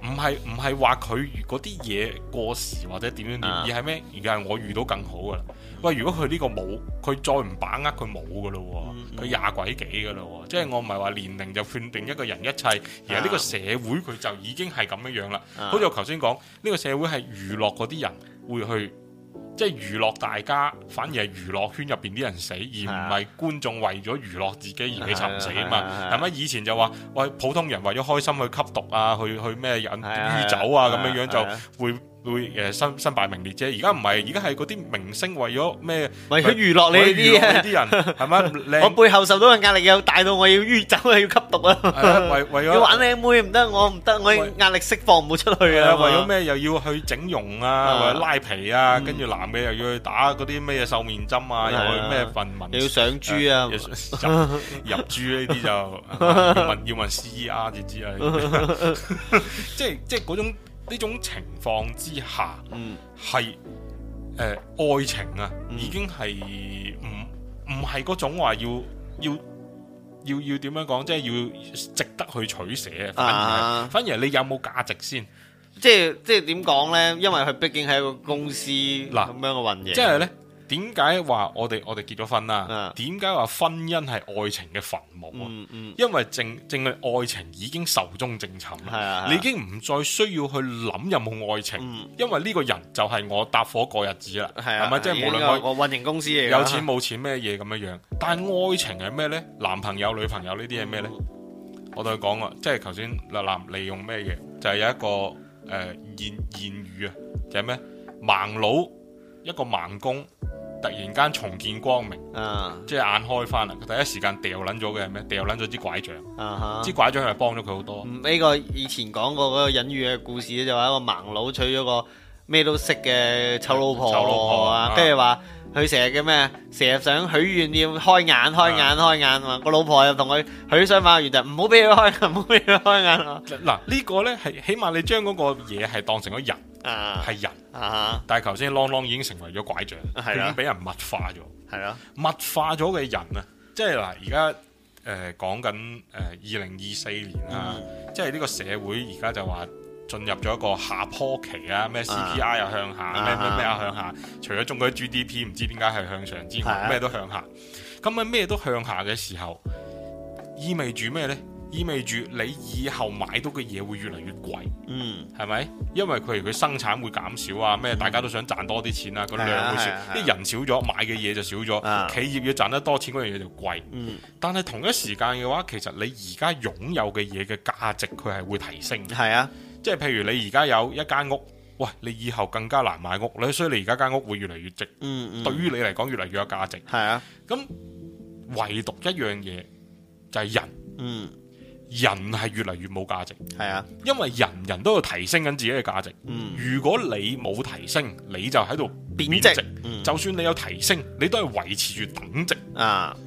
唔係唔係話佢嗰啲嘢過時或者點樣點，而係咩？而家係我遇到更好噶啦。喂，如果佢呢個冇，佢再唔把握佢冇噶咯，佢廿鬼幾噶咯。即係我唔係話年齡就判定一個人一切，而係呢個社會佢就已經係咁樣樣啦。好似我頭先講，呢個社會係娛樂嗰啲人會去。即係娛樂大家，反而係娛樂圈入邊啲人死，而唔係觀眾為咗娛樂自己而被沉死啊嘛。係咪？以前就話喂，普通人為咗開心去吸毒啊，去去咩飲酗酒啊，咁樣樣就會會誒身身敗名裂啫。而家唔係，而家係嗰啲明星為咗咩，為咗娛樂你啲啲人，係咪？我背後受到嘅壓力又大到我要酗酒啊，要吸毒啊。為為咗玩靚妹唔得，我唔得，我壓力釋放唔出去啊。為咗咩又要去整容啊，或者拉皮啊，跟住男。你又要去打嗰啲咩嘢瘦面針啊？又去咩份？聞？你要上豬啊？入豬呢啲就要問要問 C R 知唔知啊？即係即係嗰種呢種情況之下，嗯，係誒愛情啊，已經係唔唔係嗰種話要要要要點樣講，即係要值得去取捨，反而反而你有冇價值先？即係即係點講咧？因為佢畢竟係一個公司，嗱，咁樣嘅運營。即係呢，點解話我哋我哋結咗婚啦？點解話婚姻係愛情嘅墳墓？因為正正係愛情已經壽終正寢，係啊，你已經唔再需要去諗有冇愛情，因為呢個人就係我搭夥過日子啦，係咪？即係無論我運營公司嘢，有錢冇錢咩嘢咁樣樣，但係愛情係咩呢？男朋友女朋友呢啲係咩呢？我同佢講啊，即係頭先嗱嗱利用咩嘢？就係有一個。誒、呃，言言語啊，就係咩盲佬一個盲公突然間重見光明，啊、即係眼開翻嚟佢第一時間掉撚咗嘅係咩？掉撚咗支拐杖，啊、哈支拐杖係咪幫咗佢好多？呢、嗯這個以前講過嗰、那個隱喻嘅故事，就係一個盲佬娶咗個咩都識嘅醜老婆，醜老婆後啊，跟住話。佢成日叫咩，成日想許願要開眼開眼開眼啊！個老婆又同佢許想買個願就唔好俾佢開，唔好俾佢開眼，開眼啊！嗱、這個，呢個咧係起碼你將嗰個嘢係當成咗人啊，係人啊，但係頭先郎朗已經成為咗拐杖，佢、啊、已經俾人物化咗，係咯、啊，物化咗嘅人啊，即係嗱，而家誒講緊誒二零二四年啊，嗯、即係呢個社會而家就話，進入咗一個下坡期啊！咩 CPI 又向下，咩咩咩向下。除咗中國嘅 GDP 唔知點解係向上之外，咩都向下。咁咪咩都向下嘅時候，意味住咩呢？意味住你以後買到嘅嘢會越嚟越貴，嗯，係咪？因為譬如佢生產會減少啊，咩大家都想賺多啲錢啊，咁兩回事。啲人少咗，買嘅嘢就少咗，企業要賺得多錢嗰樣嘢就貴。但係同一時間嘅話，其實你而家擁有嘅嘢嘅價值，佢係會提升嘅。係啊。即係譬如你而家有一間屋，喂，你以後更加難買屋，你所以你而家間屋會越嚟越值，嗯嗯、對於你嚟講越嚟越有價值。係啊，咁唯獨一樣嘢就係、是、人，嗯、人係越嚟越冇價值。係啊，因為人人都要提升緊自己嘅價值。嗯、如果你冇提升，你就喺度貶值。嗯、就算你有提升，你都係維持住等值啊。嗯嗯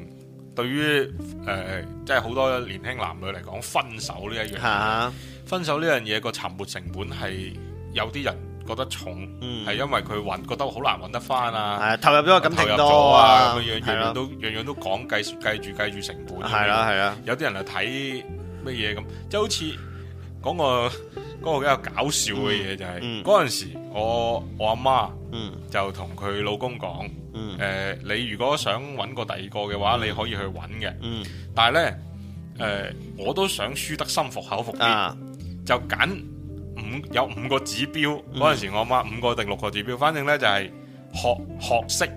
對於誒，即係好多年輕男女嚟講，分手呢一樣，啊、分手呢樣嘢個沉沒成本係有啲人覺得重，係、嗯、因為佢搵覺得好難搵得翻啊。係投入咗感情多啊，樣樣、啊、都樣樣是的 都講計計住計住成本。係啦係啦，有啲人係睇乜嘢咁，就好似講個。嗰個比較搞笑嘅嘢就係嗰陣時，我我阿媽就同佢老公講：誒，你如果想揾個第二個嘅話，你可以去揾嘅。但係呢，誒，我都想輸得心服口服啲，就揀五有五個指標。嗰陣時我阿媽五個定六個指標，反正呢就係學學識、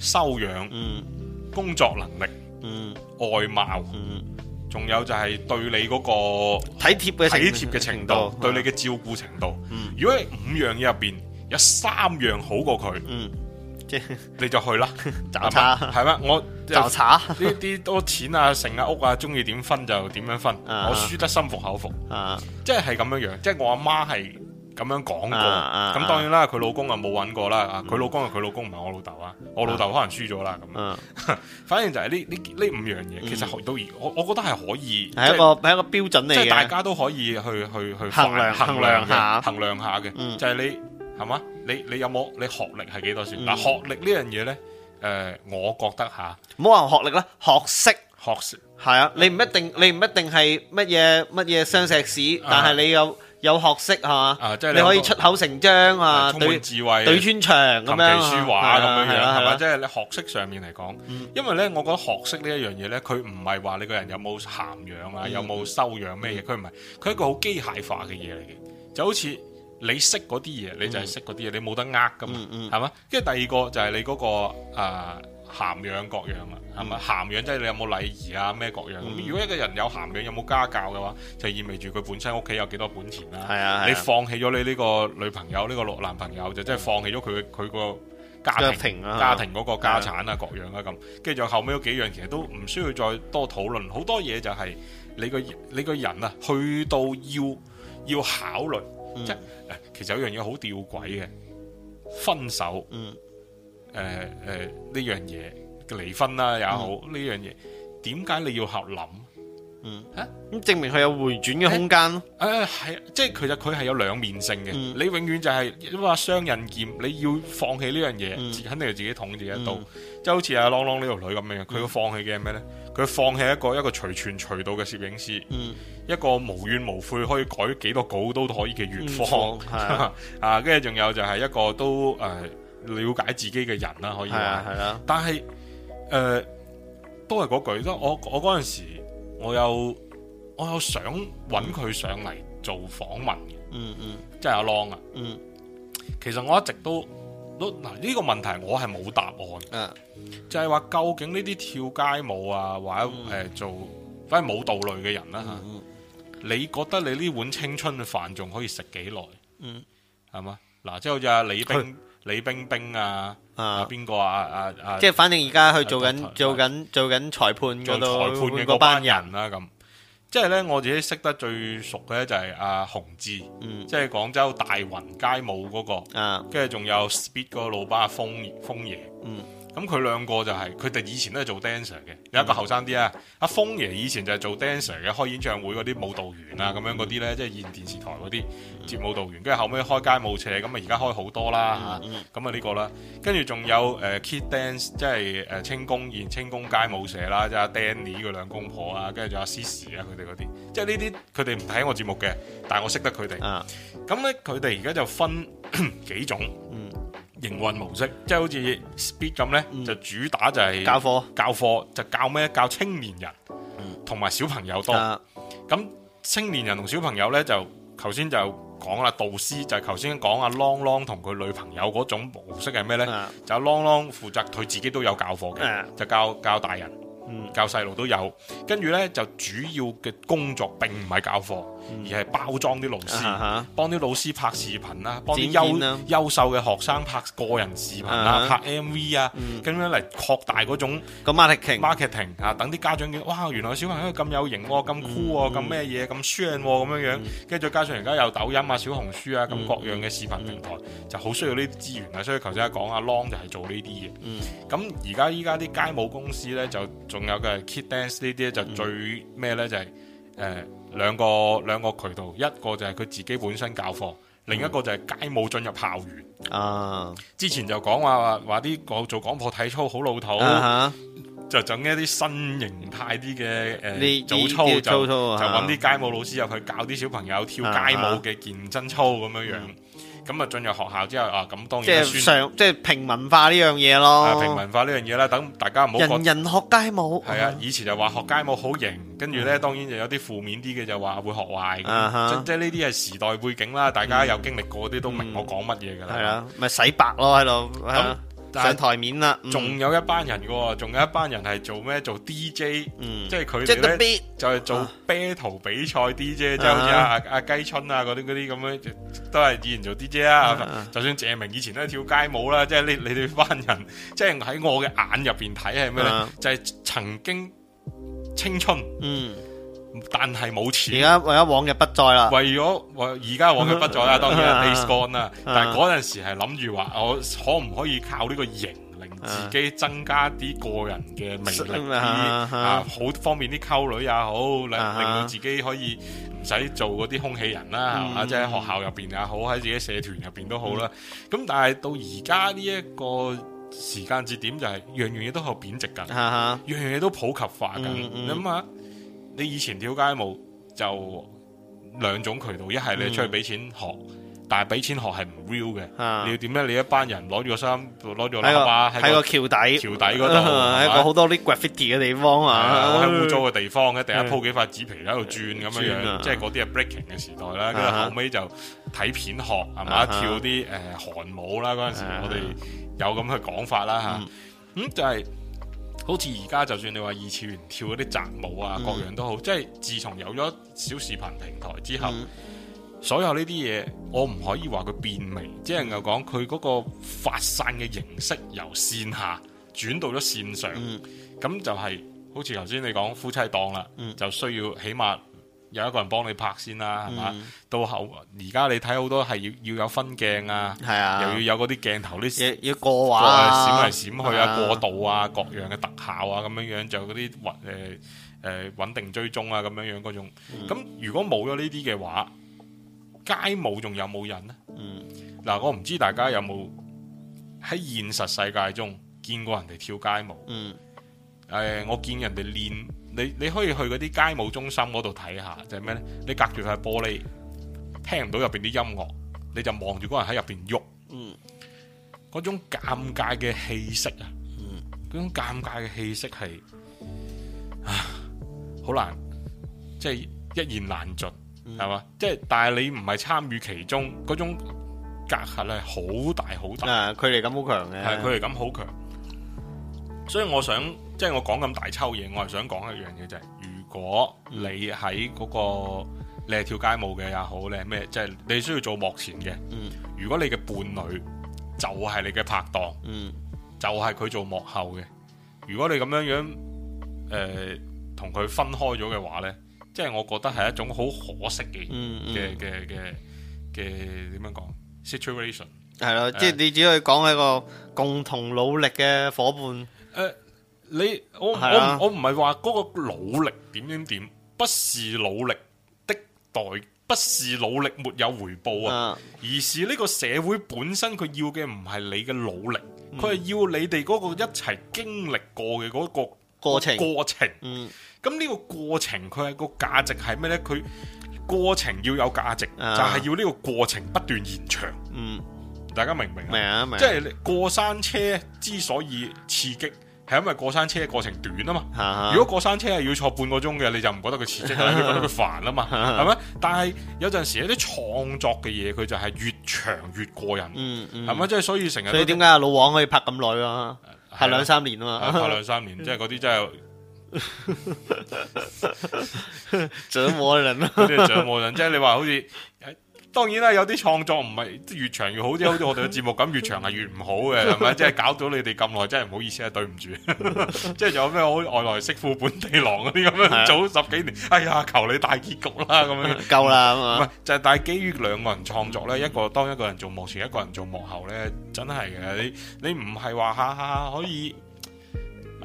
修養、工作能力、外貌。仲有就係對你嗰個體貼嘅體貼嘅程度，對你嘅照顧程度。如果五樣嘢入邊有三樣好過佢，嗯，即你就去啦。找茬係咩？我找茬呢啲多錢啊，成間屋啊，中意點分就點樣分。我輸得心服口服。啊，即係係咁樣樣。即係我阿媽係。咁樣講過，咁當然啦，佢老公啊冇揾過啦，啊，佢老公係佢老公，唔係我老豆啊，我老豆可能輸咗啦，咁，反正就係呢呢呢五樣嘢，其實可到，我我覺得係可以，係一個係一個標準嚟嘅，即係大家都可以去去去衡量衡量下，衡量下嘅，就係你係嘛，你你有冇你學歷係幾多先？嗱，學歷呢樣嘢呢，誒，我覺得吓，唔好話學歷啦，學識學識係啊，你唔一定你唔一定係乜嘢乜嘢雙碩士，但係你有。有學識係嘛？啊，即係你可以出口成章啊，對智慧對穿牆咁樣，琴棋書畫咁樣樣，係嘛？即係你學識上面嚟講，因為咧，我覺得學識呢一樣嘢咧，佢唔係話你個人有冇涵養啊，有冇修養咩嘢，佢唔係，佢係一個好機械化嘅嘢嚟嘅，就好似你識嗰啲嘢，你就係識嗰啲嘢，你冇得呃㗎嘛，係嘛？跟住第二個就係你嗰個啊。涵養各樣啊，係咪？涵養即係你有冇禮儀啊？咩各樣？如果一個人有涵養，有冇家教嘅話，就意味住佢本身屋企有幾多本錢啦。係啊，啊啊你放棄咗你呢個女朋友呢，這個男朋友，嗯、就即係放棄咗佢佢個家庭，家庭啊。啊家庭嗰個家產啊，啊各樣啊咁。跟住再後尾嗰幾樣，其實都唔需要再多討論。好，嗯、多嘢，就係你個你個人啊，去到要要考慮，即係、嗯、其實有樣嘢好吊詭嘅，分手。嗯。誒誒，呢樣嘢嘅離婚啦也好，呢樣嘢點解你要合諗？嗯，證明佢有回轉嘅空間咯。誒係，即係其實佢係有兩面性嘅。你永遠就係咁話雙刃劍，你要放棄呢樣嘢，自肯定係自己捅自己一刀。即係好似阿朗朗呢條女咁樣，佢要放棄嘅係咩咧？佢放棄一個一個隨傳隨到嘅攝影師，一個無怨無悔可以改幾多稿都可以嘅遠方，啊，跟住仲有就係一個都誒。了解自己嘅人啦，可以係啊，係啦、啊。但係誒、呃，都係嗰句，即係我我嗰陣時，我有我有想揾佢上嚟做訪問嘅。嗯嗯，即係阿 long 啊。嗯，啊、嗯其實我一直都都嗱呢、這個問題，我係冇答案。嗯、就係話究竟呢啲跳街舞啊，或者誒、嗯呃、做反正舞蹈類嘅人啦、啊、吓，嗯嗯、你覺得你呢碗青春飯仲可以食幾耐？嗯，係嘛嗱，即係好似阿李冰。李冰冰啊，啊，邊個啊啊啊，即係反正而家去做緊做緊做緊裁判嗰裁判嘅班人啦咁。即係咧，我自己識得最熟嘅就係阿洪志，嗯，即係廣州大雲街舞嗰個，啊，跟住仲有 speed 嗰個老伯阿楓楓爺，爺嗯。咁佢兩個就係佢哋以前都係做 dancer 嘅，有一個後生啲啊，阿峰爺以前就係做 dancer 嘅，開演唱會嗰啲舞蹈員啊，咁樣嗰啲咧，即係現電視台嗰啲節目導員，跟住後尾開街舞社，咁啊而家開好多啦嚇，咁啊呢個啦，跟住仲有誒 kid dance，即係誒青宮現青宮街舞社啦，即係阿 Danny 佢兩公婆啊，跟住仲有 Cici 啊，佢哋嗰啲，即係呢啲佢哋唔睇我節目嘅，但係我識得佢哋，咁咧佢哋而家就分 幾種。嗯營運模式即係好似 Speed 咁呢，嗯、就主打就係教課，教課就教咩？教青年人同埋、嗯、小朋友多。咁、嗯、青年人同小朋友呢，就頭先就講啦，導師就頭先講阿郎朗同佢女朋友嗰種模式係咩呢？嗯、就郎朗負責佢自己都有教課嘅，嗯、就教教大人、嗯、教細路都有。跟住呢，就主要嘅工作並唔係教課。而係包裝啲老師，幫啲老師拍視頻啦，幫啲優優秀嘅學生拍個人視頻啦，拍 MV 啊，咁樣嚟擴大嗰種 marketing marketing 啊，等啲家長見，哇，原來小朋友咁有型喎，咁酷喎，咁咩嘢，咁 churn 炫咁樣樣，跟住再加上而家有抖音啊、小紅書啊，咁各樣嘅視頻平台就好需要呢啲資源啊，所以頭先講阿 Long 就係做呢啲嘢。咁而家依家啲街舞公司咧，就仲有嘅係 Kid Dance 呢啲就最咩咧，就係誒。兩個兩個渠道，一個就係佢自己本身教課，另一個就係街舞進入校園。啊、嗯，之前就講話話啲我做廣播體操好老土，就整一啲新形態啲嘅誒早操就就揾啲街舞老師入去教啲小朋友跳街舞嘅健身操咁樣、啊、哈樣。咁啊，進入學校之後啊，咁當然即係上，即係平民化呢樣嘢咯。啊、平民化呢樣嘢啦，等大家唔好。人人學街舞。係啊，以前就話學街舞好型，跟住咧當然就有啲負面啲嘅，就話會學壞。啊、哈即即係呢啲係時代背景啦，大家有經歷過啲都明我講乜嘢㗎啦。咪、嗯嗯啊、洗白咯喺度。但上台面啦，仲、嗯、有一班人嘅，仲有一班人係做咩？做 DJ，、嗯、即係佢哋咧就係做 battle 比賽 DJ，即係好似阿阿雞春啊嗰啲嗰啲咁樣，都係以前做 DJ 啦、啊。啊、就算謝明以前都係跳街舞啦、啊，即係、啊、你你哋班人，即係喺我嘅眼入邊睇係咩咧？啊、就係曾經青春。嗯但係冇錢，而家為咗往日不再啦。為咗而家往日不再啦，當然啦 days gone 啦。 但係嗰陣時係諗住話，我可唔可以靠呢個型令自己增加啲個人嘅魅力 啊？好方便啲溝女也好， 令到自己可以唔使做嗰啲空氣人啦，係嘛？即係學校入邊也好，喺自己社團入邊都好啦。咁 但係到而家呢一個時間節點就係、樣 樣嘢都係貶值緊，樣樣嘢都普及化緊，咁啊。你以前跳街舞就兩種渠道，一係你出去俾錢學，但係俾錢學係唔 real 嘅。你要點咧？你一班人攞住個衫，攞住個喇叭喺個橋底、橋底嗰度，喺個好多啲 graffiti 嘅地方啊，喺污糟嘅地方咧，第一鋪幾塊紙皮喺度轉咁樣樣，即係嗰啲係 breaking 嘅時代啦。跟住後尾就睇片學，係嘛？跳啲誒韓舞啦，嗰陣時我哋有咁嘅講法啦嚇。咁就係。好似而家就算你話二次元跳嗰啲雜舞啊，嗯、各樣都好，即係自從有咗小視頻平台之後，嗯、所有呢啲嘢我唔可以話佢變味，即係又講佢嗰個發散嘅形式由線下轉到咗線上，咁、嗯、就係、是、好似頭先你講夫妻檔啦，嗯、就需要起碼。有一個人幫你拍先啦，係嘛？到後而家你睇好多係要要有分鏡啊，又要有嗰啲鏡頭啲，要過啊，閃嚟閃去啊，過渡啊，各樣嘅特效啊，咁樣樣就嗰啲穩誒誒穩定追蹤啊，咁樣樣嗰種。咁如果冇咗呢啲嘅話，街舞仲有冇人咧？嗱，我唔知大家有冇喺現實世界中見過人哋跳街舞？誒，我見人哋練。你你可以去嗰啲街舞中心嗰度睇下，就係咩咧？你隔住塊玻璃，聽唔到入邊啲音樂，你就望住嗰人喺入邊喐。嗯，嗰種尷尬嘅氣息啊，嗯，嗰種尷尬嘅氣息係啊，好難，即係一言難盡，係嘛、嗯？即係，但係你唔係參與其中，嗰種隔閡咧好大好大，啊，距離感好強嘅，係距離感好強。嗯，所以我想。即係我講咁大抽嘢，我係想講一樣嘢就係，如果你喺嗰、個你係跳街舞嘅也好，你係咩，即係你需要做幕前嘅。嗯，如果你嘅伴侶就係你嘅拍檔，嗯，就係佢做幕後嘅。如果你咁樣樣，誒、呃，同佢分開咗嘅話呢，即係我覺得係一種好可惜嘅嘅嘅嘅嘅點樣講 situation 的。係咯、呃，即係你只可以講一個共同努力嘅伙伴。誒、呃。你我我我唔係話嗰個努力點點點，不是努力的代，不是努力沒有回報啊，啊而是呢個社會本身佢要嘅唔係你嘅努力，佢係、嗯、要你哋嗰個一齊經歷過嘅嗰個過程過程。咁呢個過程佢係個價值係咩呢？佢過程要有價值，啊、就係要呢個過程不斷延長。嗯，大家明唔明？明啊明，即係過山車之所以刺激。係因為過山車嘅過程短啊嘛，啊如果過山車係要坐半個鐘嘅，你就唔覺得佢刺激，你、啊、覺得佢煩啊嘛，係咪、啊？但係有陣時一啲創作嘅嘢，佢就係越長越過癮，係咪、嗯？即、嗯、係、就是、所以成日。所以點解老王可以拍咁耐啊？係兩、啊、三年啊嘛，拍兩、啊、三年，即係嗰啲真係折磨人啊！即係折磨人，即、就、係、是、你話好似。當然啦，有啲創作唔係越長越好啫，好似我哋嘅節目咁，越長係越唔好嘅，係咪？即係 搞到你哋咁耐，真係唔好意思 啊，對唔住。即係仲有咩好外來媳婦本地郎嗰啲咁樣，做十幾年，哎呀，求你大結局啦，咁樣夠啦，咁啊，唔係但係基於兩個人創作咧，嗯、一個當一個人做幕前，一個人做幕後咧，真係嘅，你你唔係話下下可以。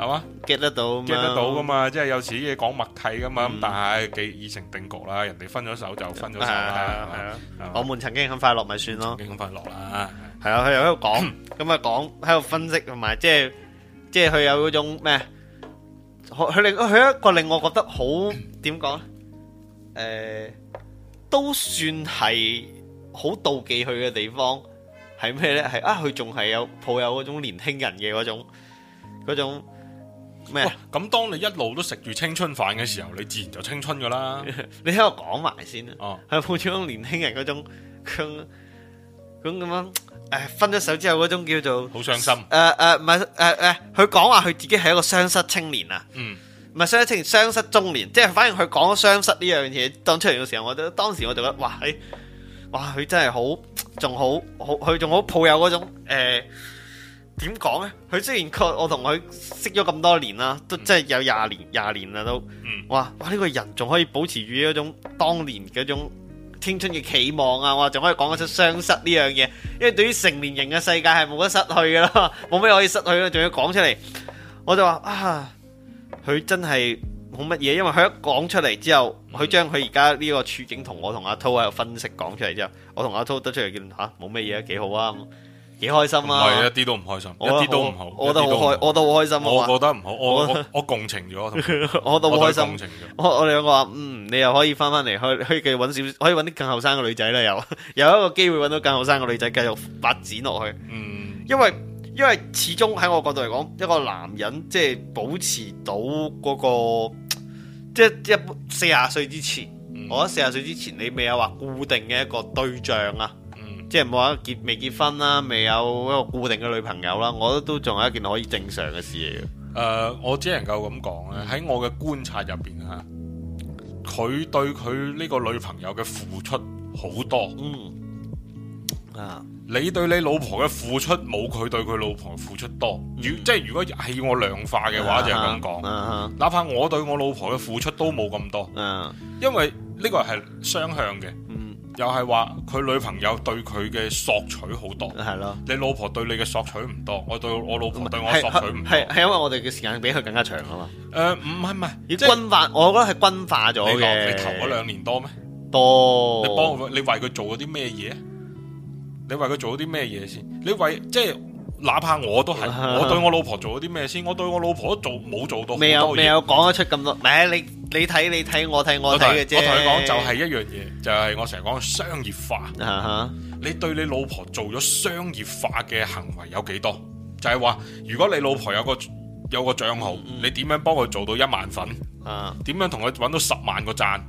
係嘛，get 得到 get 得到噶嘛，即係有時啲嘢講默契噶嘛，咁但係已成定局啦，人哋分咗手就分咗手啦。我們曾經很快樂咪算咯，曾經很快樂啦，係啊，佢又喺度講，咁啊講，喺度分析同埋，即係即係佢有嗰種咩，佢令佢一個令我覺得好點講咧，誒，都算係好妒忌佢嘅地方係咩咧？係啊，佢仲係有抱有嗰種年輕人嘅嗰種嗰種。咩啊？咁當你一路都食住青春飯嘅時候，你自然就青春噶啦。你聽我講埋先啦。哦，好似年輕人嗰種咁咁樣，誒，分咗手之後嗰種叫做好傷心。誒誒、呃，唔係誒誒，佢講話佢自己係一個雙失青年啊。嗯，唔係雙失青年，雙失中年，即係反而佢講咗雙失呢樣嘢當出嚟嘅時候，我當時我就覺得哇，誒，哇，佢、哎、真係好，仲好好，佢仲好抱有嗰種誒。欸點講呢？佢雖然我同佢識咗咁多年啦，都真係有廿年廿年啦都，哇哇呢個人仲可以保持住嗰種當年嗰種青春嘅期望啊！我仲可以講得出雙失呢樣嘢，因為對於成年人嘅世界係冇得失去噶咯，冇咩可以失去咯，仲要講出嚟，我就話啊，佢真係冇乜嘢，因為佢一講出嚟之後，佢將佢而家呢個處境同我同阿濤喺度分析講出嚟之後，我同阿濤得出嚟見吓，冇咩嘢啊，幾好啊！幾開心啊！唔係一啲都唔開心，一啲都唔好。都好我覺得好都開，我都好開心、啊、我覺得唔好，我我，我共情咗。 我都開心。我哋兩個話，嗯，你又可以翻翻嚟，去去繼續搵少，可以搵啲更後生嘅女仔啦。又有，有一個機會搵到更後生嘅女仔，繼續發展落去。嗯、因，因為因為始終喺我角度嚟講，一個男人即係保持到嗰、那個，即係一四十歲之前，嗯、我覺得四十歲之前，你未有話固定嘅一個對象啊。即係唔好話結未結婚啦，未有一個固定嘅女朋友啦，我都都仲係一件可以正常嘅事嚟嘅。誒、呃，我只能夠咁講咧，喺我嘅觀察入邊啊，佢對佢呢個女朋友嘅付出好多，嗯啊，你對你老婆嘅付出冇佢對佢老婆付出多，即係、嗯、如果係要我量化嘅話、啊、哈就係咁講，啊、哈哪怕我對我老婆嘅付出都冇咁多，啊、因為呢個係雙向嘅。嗯又係話佢女朋友對佢嘅索取好多，係咯的？你老婆對你嘅索取唔多，我對我老公對我索取唔多，係係因為我哋嘅時間比佢更加長啊嘛。誒、呃，唔係唔係，均化，即係、我覺得係均化咗你頭嗰兩年多咩？多，你幫你為佢做咗啲咩嘢？你為佢做咗啲咩嘢先？你為，你為即係。哪怕我都係、uh huh.，我對我老婆做咗啲咩先？我對我老婆做冇做到未？未有未有講得出咁多。唔、哎、你你睇你睇我睇我睇嘅啫。我同佢講就係一樣嘢，就係、是、我成日講商業化。Uh huh. 你對你老婆做咗商業化嘅行為有幾多？就係、是、話，如果你老婆有個有個帳號，mm hmm. 你點樣幫佢做到一萬粉？點、uh huh. 樣同佢揾到十萬個讚？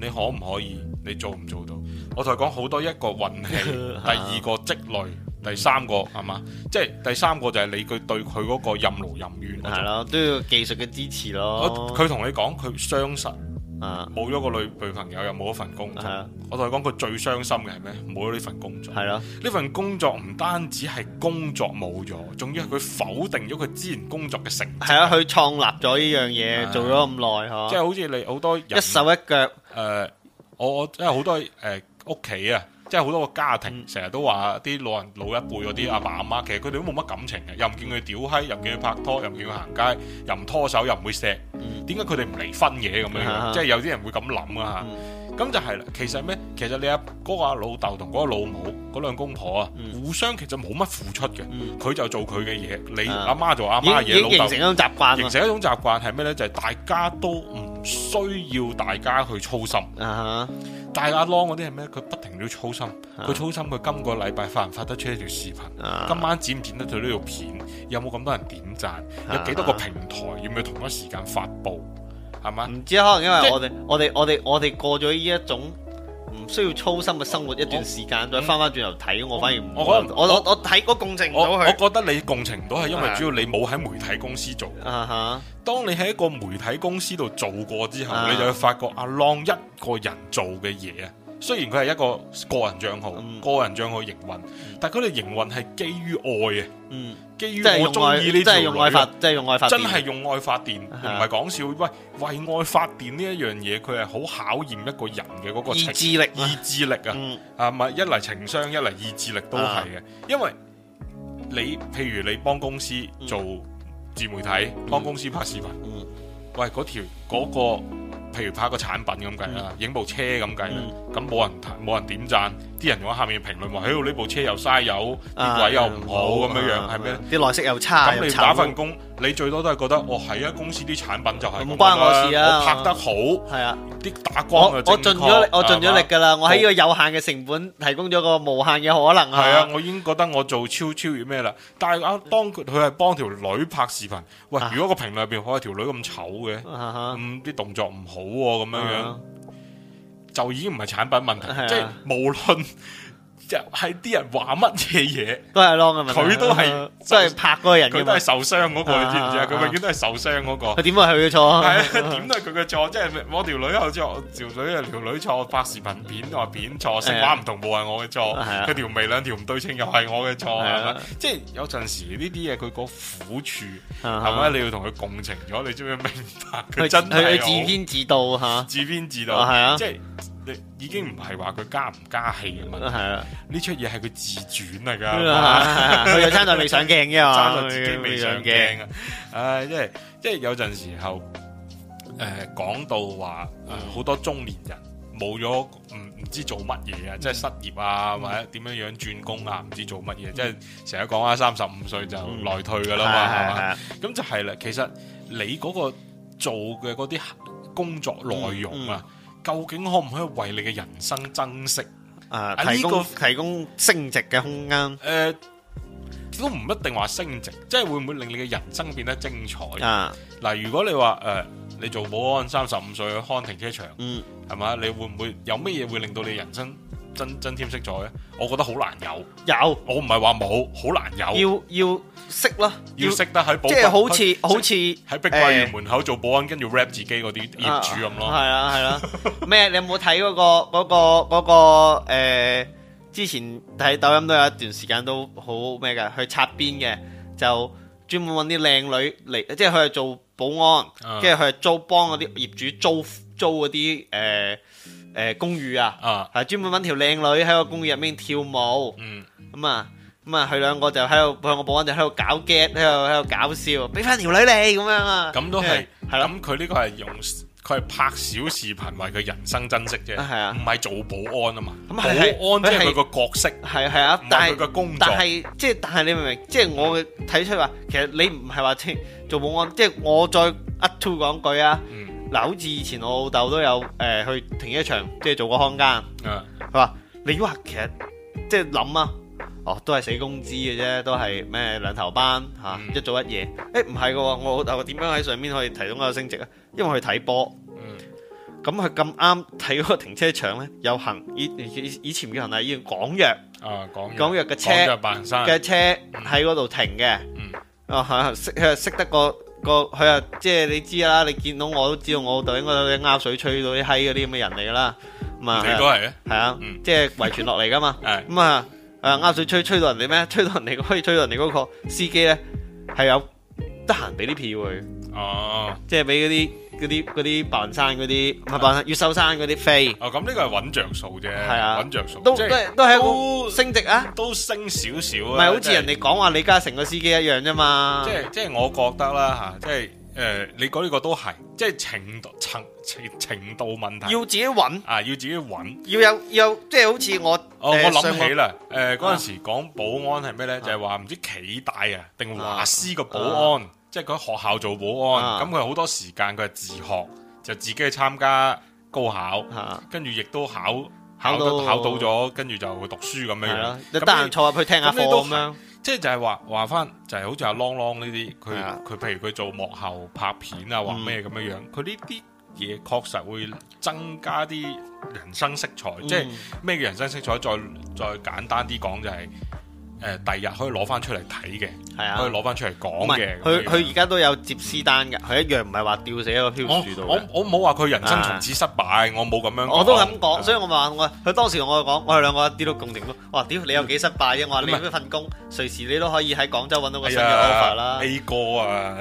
你可唔可以？你做唔做到？我同佢講好多一個運氣，第二個積累。Uh huh. 第三個係咪？即係第三個就係你佢對佢嗰個任勞任怨係咯，都要技術嘅支持咯。佢同你講佢傷神啊，冇咗個女女朋友，又冇一份工作是的。係啊，我同你講佢最傷心嘅係咩？冇咗呢份工作係咯，呢份工作唔單止係工作冇咗，仲要係佢否定咗佢之前工作嘅成績。係啊，佢創立咗呢樣嘢，是的 做咗咁耐，即係好似你好多一手一腳。誒、呃，我我即好、呃、多誒屋企啊！呃即係好多個家庭成日都話啲老人老一輩嗰啲阿爸阿媽，其實佢哋都冇乜感情嘅，又唔見佢屌閪，又唔見佢拍拖，又唔見佢行街，又唔拖手，又唔會錫，點解佢哋唔離婚嘅咁樣？啊、即係有啲人會咁諗啊～啊、嗯咁就係啦，其實咩？其實你阿哥阿老豆同嗰個老母嗰兩公婆啊，嗯、互相其實冇乜付出嘅，佢、嗯、就做佢嘅嘢，你阿、啊、媽做阿媽嘅嘢。老豆形成一種習慣，形成一種習慣係咩咧？就係、是、大家都唔需要大家去操心。Uh huh. 但哈！阿 Long 嗰啲係咩？佢不停要操心，佢、uh huh. 操心佢今個禮拜發唔發得出一條視頻？Uh huh. 今晚剪唔剪得到呢條片？有冇咁多人點贊？Uh huh. 有幾多個平台要唔要同一時間發布？係嘛？唔知可能因為我哋我哋我哋我哋過咗呢一種唔需要操心嘅生活一段時間，再翻翻轉頭睇，我反而唔我我我睇個共情唔我我覺得你共情唔到係因為主要你冇喺媒體公司做。啊哈！當你喺一個媒體公司度做過之後，你就會發覺阿 Long 一個人做嘅嘢啊，雖然佢係一個個人賬號、個人賬號營運，但佢哋營運係基於愛嘅。嗯。基於我中意呢啲，真係用愛發電，唔係講笑。喂，為愛發電呢一樣嘢，佢係好考驗一個人嘅個意志力，意志力啊，係咪一嚟情商，一嚟意志力都係嘅。因為你譬如你幫公司做自媒體，幫公司拍視頻，喂嗰條嗰個譬如拍個產品咁計啦，影部車咁計啦，咁冇人冇人點讚。啲人喺下面評論話：，哎呦呢部車又嘥油，啲位又唔好，咁樣樣，係咩？啲內飾又差。咁你打份工，你最多都係覺得，我係啊，公司啲產品就係唔關我事啊。我拍得好，係啊，啲打光又正確。我我盡咗我盡咗力㗎啦，我喺呢個有限嘅成本提供咗個無限嘅可能啊。係啊，我已經覺得我做超超越咩啦。但係啊，當佢佢係幫條女拍視頻，喂，如果個評論入邊可以條女咁醜嘅，啲動作唔好喎，咁樣樣。就已經唔係產品問題，是啊，即係無論。 即係啲人話乜嘢嘢都係咯，佢都係即係拍嗰個人，佢都係受傷嗰個，你知唔知啊？佢永遠都係受傷嗰個。佢點係佢嘅錯？係啊，點都係佢嘅錯？即係我條女又錯，條女啊條女錯，拍視頻片外片錯，成畫唔同步係我嘅錯。佢條眉兩條唔對稱又係我嘅錯。即係有陣時呢啲嘢，佢個苦處係咪？你要同佢共情咗，你知唔知？明白佢真。佢佢自編自導吓，自編自導係啊，即係。已經唔係話佢加唔加戲嘅問題，呢出嘢係佢自轉嚟噶佢又爭到未上鏡嘅嘛，爭到自己未上鏡啊！唉，即係即係有陣時候，誒，講到話好多中年人冇咗，唔唔知做乜嘢啊！即係失業啊，或者點樣樣轉工啊，唔知做乜嘢，即係成日講啊，三十五歲就內退噶啦嘛，係咁就係啦，其實你嗰個做嘅嗰啲工作內容啊。究竟可唔可以為你嘅人生增色？誒、呃，提供、啊這個、提供升值嘅空間。誒、呃，都唔一定話升值，即係會唔會令你嘅人生變得精彩啊？嗱，如果你話誒、呃，你做保安三十五歲去看停車場，嗯，係嘛，你會唔會有乜嘢會令到你人生？增增添識咗咧，我覺得好難有。有，我唔係話冇，好難有。要要識咯，要，識，要，要識得喺保即係好似在好似像喺碧桂園門口做保安，欸、跟住 rap 自己嗰啲業主咁咯。係啊，係、啊、咯。咩、啊 啊啊啊？你有冇睇嗰個嗰、嗰個嗰、嗰個、呃、之前睇抖音都有一段時間都好咩㗎？去擦邊嘅，就專門揾啲靚女嚟，即係佢係做保安，跟住佢係租幫嗰啲業主租租嗰啲誒。誒，公寓啊，係專、啊、門搵條靚女喺個公寓入面跳舞，咁、嗯、啊，咁啊，佢兩個就喺度兩個保安就喺度搞 get，喺度喺度搞笑，俾翻條女你咁樣啊。咁都係，係咯、啊。咁佢呢個係用，佢係拍小視頻為佢人生珍惜啫，係啊，唔係做保安啊嘛。啊啊保安即係佢個角色，係係啊，但係佢個工作，但係即係但係、就是、你明唔明？即、就、係、是、我睇出話，其實你唔係話做做保安，即、就、係、是、我再 up two 講句啊。嗯嗱，好似以前我老豆都有誒、呃、去停車場，即係做過看監，係嘛 Yeah.？你話其實即係諗啊，哦，都係死工資嘅啫，都係咩兩頭班嚇，啊 mm. 一早一夜。誒唔係嘅喎，我老豆點樣喺上面可以提供一個升值啊？因為去睇波，咁佢咁啱睇嗰個停車場呢，有行以以前嘅行，係要港約，啊港、uh, 港約嘅車嘅車喺嗰度停嘅，mm. 啊識得個。個佢啊，即係你知啦，你見到我都知道我度應該啲鴨水吹到啲閪嗰啲咁嘅人嚟噶啦，咁啊，你都係嘅，係啊，即係遺傳落嚟噶嘛，咁啊 的，誒、嗯、鴨水吹吹到人哋咩？吹到人哋可以吹到人哋嗰個司機咧，係有得閒俾啲票佢，哦，即係俾嗰啲。嗰啲嗰啲白雲山嗰啲，唔係白雲山，越秀山嗰啲飛。哦，咁呢個係揾着數啫，係啊，揾着數，都都係升值啊，都升少少啊。唔係好似人哋講話李嘉誠個司機一樣啫嘛。即係即係我覺得啦吓，即係誒，你講呢個都係，即係程度程程程度問題，要自己揾啊，要自己揾，要有要有即係好似我哦，我諗起啦，誒，嗰陣時講保安係咩咧，就係話唔知企大啊定華師個保安。即係佢喺學校做保安，咁佢好多時間佢係自學，就自己去參加高考，跟住亦都考考到考到咗，跟住就讀書咁樣樣。咁你得閒坐入去聽下課咁樣。即係就係話話翻，就係好似阿朗朗呢啲，佢佢譬如佢做幕後拍片啊，或咩咁樣樣，佢呢啲嘢確實會增加啲人生色彩。即係咩叫人生色彩？再再簡單啲講就係。誒，第日可以攞翻出嚟睇嘅，係啊，可以攞翻出嚟講嘅。佢佢而家都有接私單噶，佢一樣唔係話吊死喺棵樹度。我我冇話佢人生從此失敗，我冇咁樣講。我都咁講，所以我話我佢當時同我講，我哋兩個一啲都共鳴咯。哇，屌你有幾失敗啫？我話你呢份工，隨時你都可以喺廣州揾到個新嘅 offer 啦。A 哥啊，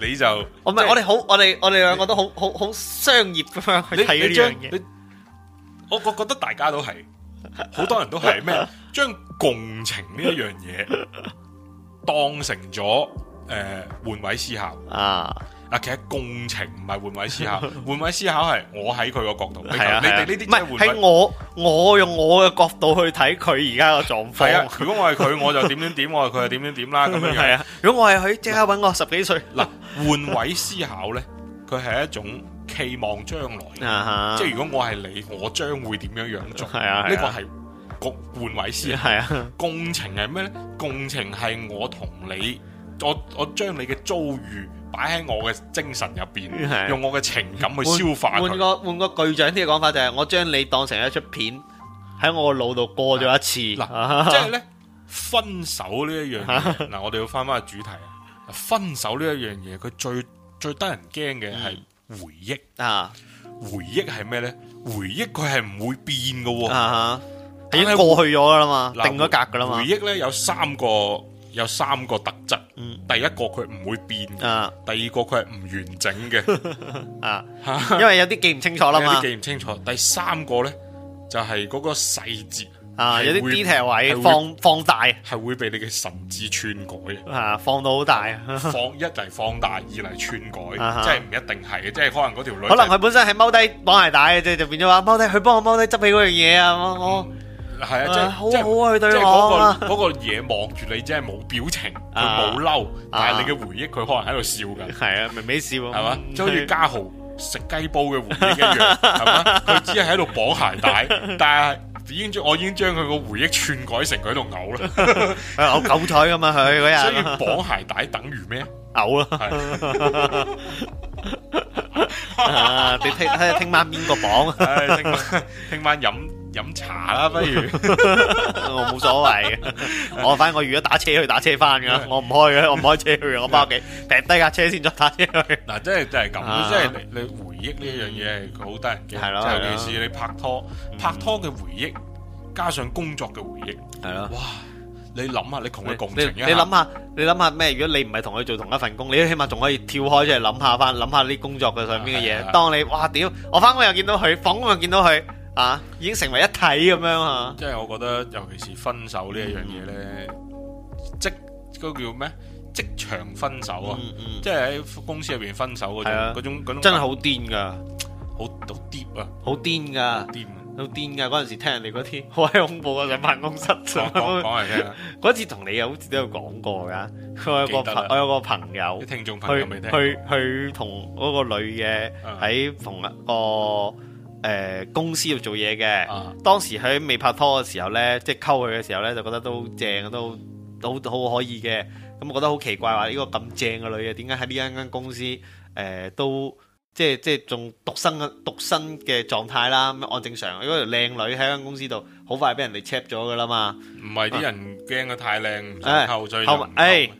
你就我唔係我哋好，我哋我哋兩個都好好好商業咁樣去睇呢樣嘢。我我覺得大家都係。好多人都係咩？將共情呢一樣嘢當成咗誒換位思考啊！嗱，其實共情唔係換位思考，換位思考係我喺佢個角度。 你哋呢啲唔係喺我，我用我嘅角度去睇佢而家個狀況。啊，啊，如果我係佢，我就點點點， 我係佢就點點點啦。咁樣係啊。 如果我係佢，即刻搵我十幾歲嗱。換 位思考咧，佢係一種期望將來，uh huh. 即係如果我係你，我將會點樣樣做？係啊、uh，呢、huh. 個係換位思、uh huh. 共情係咩咧？共情係我同你，我我將你嘅遭遇擺喺我嘅精神入邊，uh huh. 用我嘅情感去消化佢。換個換個具象啲嘅講法就係、是，我將你當成一出片喺我腦度過咗一次。即係呢分手呢一樣嘢。嗱、uh，huh. 我哋要翻翻個主題啊！分手呢一樣嘢，佢最最得人驚嘅係。回憶啊，回憶，回憶係咩咧？回憶佢係唔會變噶喎，已經係過去咗噶啦嘛，定咗格噶啦嘛。回憶咧有三個，有三個特質。嗯、第一個佢唔會變，啊、第二個佢係唔完整嘅， 啊， 因為有啲記唔清楚啦嘛，有啲記唔清楚。第三個咧就係、是、嗰個細節。啊！有啲 detail 位，放放大，係會俾你嘅神志篡改啊！放到好大，放一嚟放大，二嚟篡改，即係唔一定係嘅，即係可能嗰條女，可能佢本身係踎低綁鞋帶嘅啫，就變咗話踎低，佢幫我踎低執起嗰樣嘢啊！我係啊，即係好好啊，佢對我嗰個嗰個嘢望住你，真係冇表情，佢冇嬲，但係你嘅回憶，佢可能喺度笑緊，係啊，微微笑，係嘛，即好似嘉豪食雞煲嘅回憶一樣，係嘛，佢只係喺度綁鞋帶，但係。已經將我已經將佢個回憶篡改成佢喺度嘔啦，嘔九彩咁嘛佢嗰日，所以要綁鞋帶等於咩？嘔啊！啊，你聽聽聽晚邊個綁？聽晚聽晚飲飲茶啦，不如我冇所謂，我反正我如果打車去打車翻㗎，我唔開嘅，我唔開車去，我翻屋企掟低架車先再打車去。嗱，真係真係咁，即係你回。憶呢一樣嘢係好得人嘅，尤其是你拍拖，拍拖嘅回憶加上工作嘅回憶，係咯，哇！你諗下你同佢共情，你諗下你諗下咩？如果你唔係同佢做同一份工，你都起碼仲可以跳開出嚟諗下翻，諗下啲工作嘅上面嘅嘢。當你哇屌，我翻工又見到佢，放工又見到佢啊，已經成為一體咁樣啊！即係我覺得，尤其是分手呢一樣嘢咧，即嗰叫咩？即場分手啊，即係喺公司入邊分手嗰種，真係好癲噶，好好 deep 啊，好癲噶，癲，好癲噶。嗰陣時聽人哋嗰啲好恐怖啊，就辦公室上。講嚟聽，嗰次同你又好似都有講過噶。我有個朋，我有個朋友，聽眾朋友咪聽，去去同嗰個女嘅喺同一個誒公司度做嘢嘅。當時喺未拍拖嘅時候呢，即係溝佢嘅時候呢，就覺得都正，都都好可以嘅。咁我覺得好奇怪話，呢個咁正嘅女嘅點解喺呢間間公司誒都即係即係仲獨身嘅獨身嘅狀態啦？按正常，如果條靚女喺間公司度，好快俾人哋 check 咗㗎啦嘛。唔係啲人驚得太靚，求罪人。誒，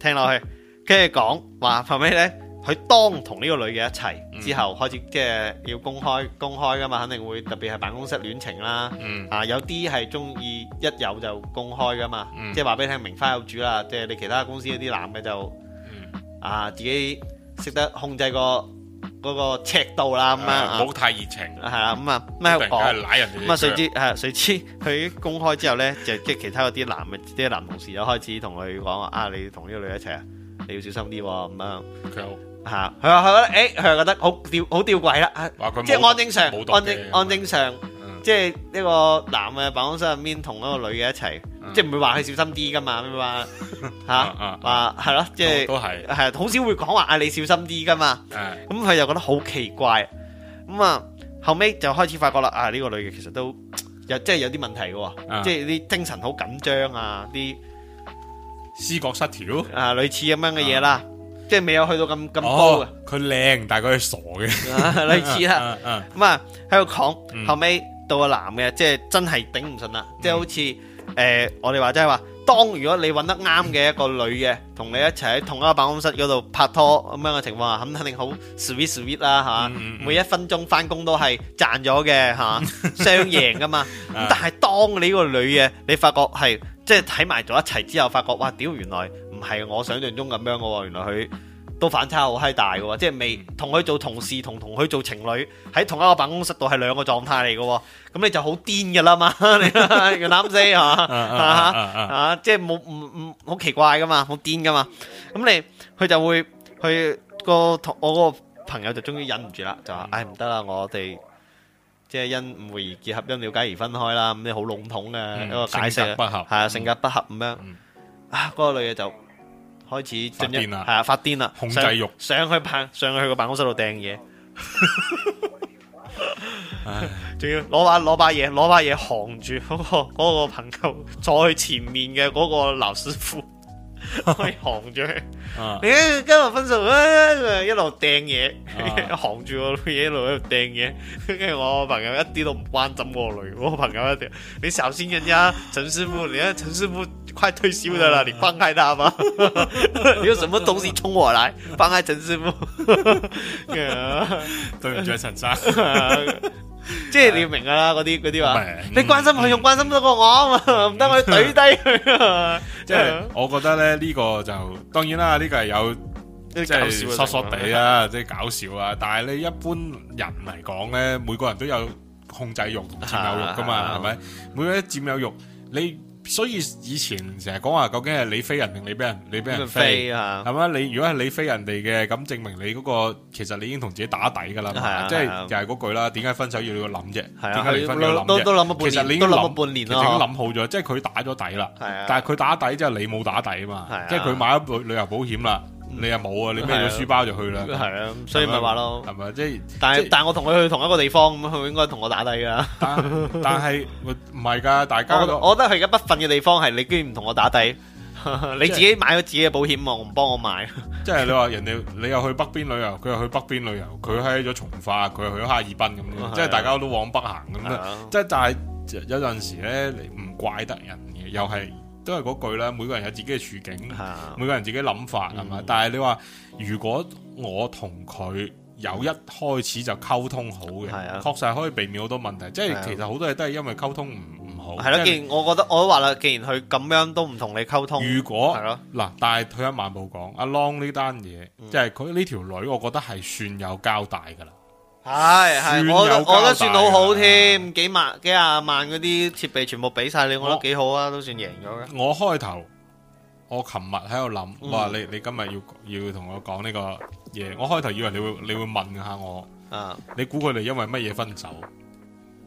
聽落去，跟住講話後尾咧。佢當同呢個女嘅一齊之後，開始即係要公開公開㗎嘛，肯定會特別係辦公室戀情啦。啊，有啲係中意一有就公開㗎嘛，即係話俾你聽名花有主啦。即係你其他公司啲男嘅就啊，自己識得控制個嗰個尺度啦咁樣。唔好太熱情。係啦，咁啊咩？突然間係攋人哋。咁啊，隨之係隨之佢公開之後咧，就即係其他嗰啲男嘅啲男同事就開始同佢講啊，你同呢個女一齊啊，你要小心啲咁樣。吓，佢話佢覺得，誒，佢又覺得好吊，好吊詭啦，即係按正常，按按正常，即係呢個男嘅辦公室入面同嗰個女嘅一齊，即係唔會話佢小心啲噶嘛，咩話吓話係咯，即係都係係好少會講話嗌你小心啲噶嘛，咁佢又覺得好奇怪，咁啊後尾就開始發覺啦，啊呢個女嘅其實都有即係有啲問題嘅喎，即係啲精神好緊張啊，啲思覺失調啊，類似咁樣嘅嘢啦。即係未有去到咁咁高嘅，佢靚但係佢傻嘅，類似啦。咁啊喺度講，後尾到個男嘅，即係真係頂唔順啦。即係好似誒，我哋話即係話，當如果你搵得啱嘅一個女嘅，同你一齊喺同一個辦公室嗰度拍拖咁樣嘅情況下，咁肯定好 sweet sweet 啦吓。每一分鐘翻工都係賺咗嘅吓，雙贏噶嘛。咁但係當你呢個女嘅，你發覺係即係睇埋咗一齊之後，發覺哇屌，原來。唔係我想象中咁樣噶喎，原來佢都反差好閪大噶喎，即係未同佢做同事，同同佢做情侶喺同一個辦公室度係兩個狀態嚟噶，咁你就好癲噶啦嘛，你諗先吓吓吓，即係冇唔唔好奇怪噶嘛，好癲噶嘛，咁你佢就會佢個同我個朋友就終於忍唔住啦，就話唉唔得啦，我哋即係因誤會而結合，因了解而分開啦，咁你好籠統嘅一個解釋，係啊性格不合咁樣啊，嗰個女嘅就。開始癲啦係啊發癲啦，控制欲上，上去辦上去個辦公室度掟嘢，仲 唉要攞把攞把嘢攞把嘢扛住嗰個、嗰個朋友坐喺前面嘅嗰個劉師傅。 我行住，啊、你跟我分手，佢、啊、一路掟嘢，行住、啊、 我，佢一路喺度掟嘢。跟住我朋友一啲都唔關心我嚟，我朋友一啲，你小心人家陳師傅，人家陳師傅快退休啦，你放開他吧。 你有什麼東西衝我來？放開陳師傅， 後 對唔住陳生。 即係你要明噶啦，嗰啲嗰啲話，你關心佢用關心得過我啊嘛，唔得我懟低佢。即係我覺得咧呢個就當然啦，呢個係有即係傻傻地啊，即係搞笑啊。但係你一般人嚟講咧，每個人都有控制欲、同佔有欲噶嘛，係咪？每個人佔有欲你。所以以前成日講話究竟係你飛人定你俾人你俾人飛，是、是飛啊？係嘛？你如果係你飛人哋嘅，咁證明你嗰、嗰個其實你已經同自己打底噶啦，即係又係嗰句啦。點解分手要、啊、你諗啫？點解分手要你諗啫？其實你已經諗咗半年咯，已經諗好咗。即係佢打咗底啦，但係佢打底即係你冇打底，打底啊嘛，即係佢買咗旅遊保險啦。你又冇啊？你孭咗書包就去啦。係啊、嗯，所以咪話咯。係咪即係？就是、但係但係，我同佢去同一個地方，咁佢應該同我打底噶。但係唔係噶，大家我都我覺得佢而家不忿嘅地方係，你居然唔同我打底，就是、 你自己買咗自己嘅保險啊！我唔幫我買。即係你話人哋你又去北邊旅遊，佢又去北邊旅遊，佢喺咗從化，佢又去咗哈爾濱咁樣，即、就、係、是、大家都往北行咁的樣。即、就、係、是、但係有陣時咧，你唔怪得人嘅，又係。 都係嗰句啦，每個人有自己嘅處境，啊、每個人自己諗法係嘛、嗯。但係你話如果我同佢有一開始就溝通好嘅，係啊，確實係可以避免好多問題。啊、即係其實好多嘢都係因為溝通唔唔好。係咯、啊，為既然我覺得我都話啦，既然佢咁樣都唔同你溝通，如果係咯嗱，啊啊、但係退一萬步講，阿 Long 呢單嘢，即係佢呢條女，我覺得係算有交代噶啦。係係，我我覺得算好好添，啊、幾萬幾廿萬嗰啲設備全部俾晒你，我，我覺得幾好啊，都算贏咗嘅。我開頭、嗯這個，我琴日喺度諗，話你你今日要要同我講呢個嘢，我開頭以為你會你會問下我，啊，你估佢哋因為乜嘢分手？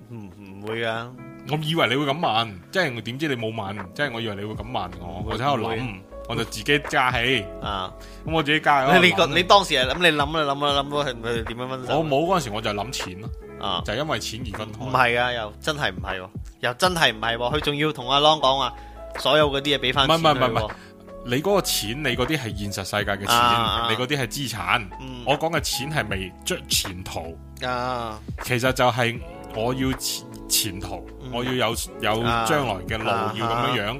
唔唔會啊！我以為你會咁問，即係點知你冇問，即係我以為你會咁問我，啊、我喺度諗。我就自己揸起啊！咁我自己揸。你你當時係諗你諗啦諗啦諗到係咪點樣分開？我冇嗰陣時，我就諗錢咯。啊，就係因為錢而分開。唔係啊，又真係唔係，又真係唔係。佢仲要同阿 Long 講話，所有嗰啲嘢俾翻。唔唔唔唔，你嗰個錢，你嗰啲係現實世界嘅錢，你嗰啲係資產。我講嘅錢係未追前途啊！其實就係我要前前途，我要有有將來嘅路，要咁樣樣。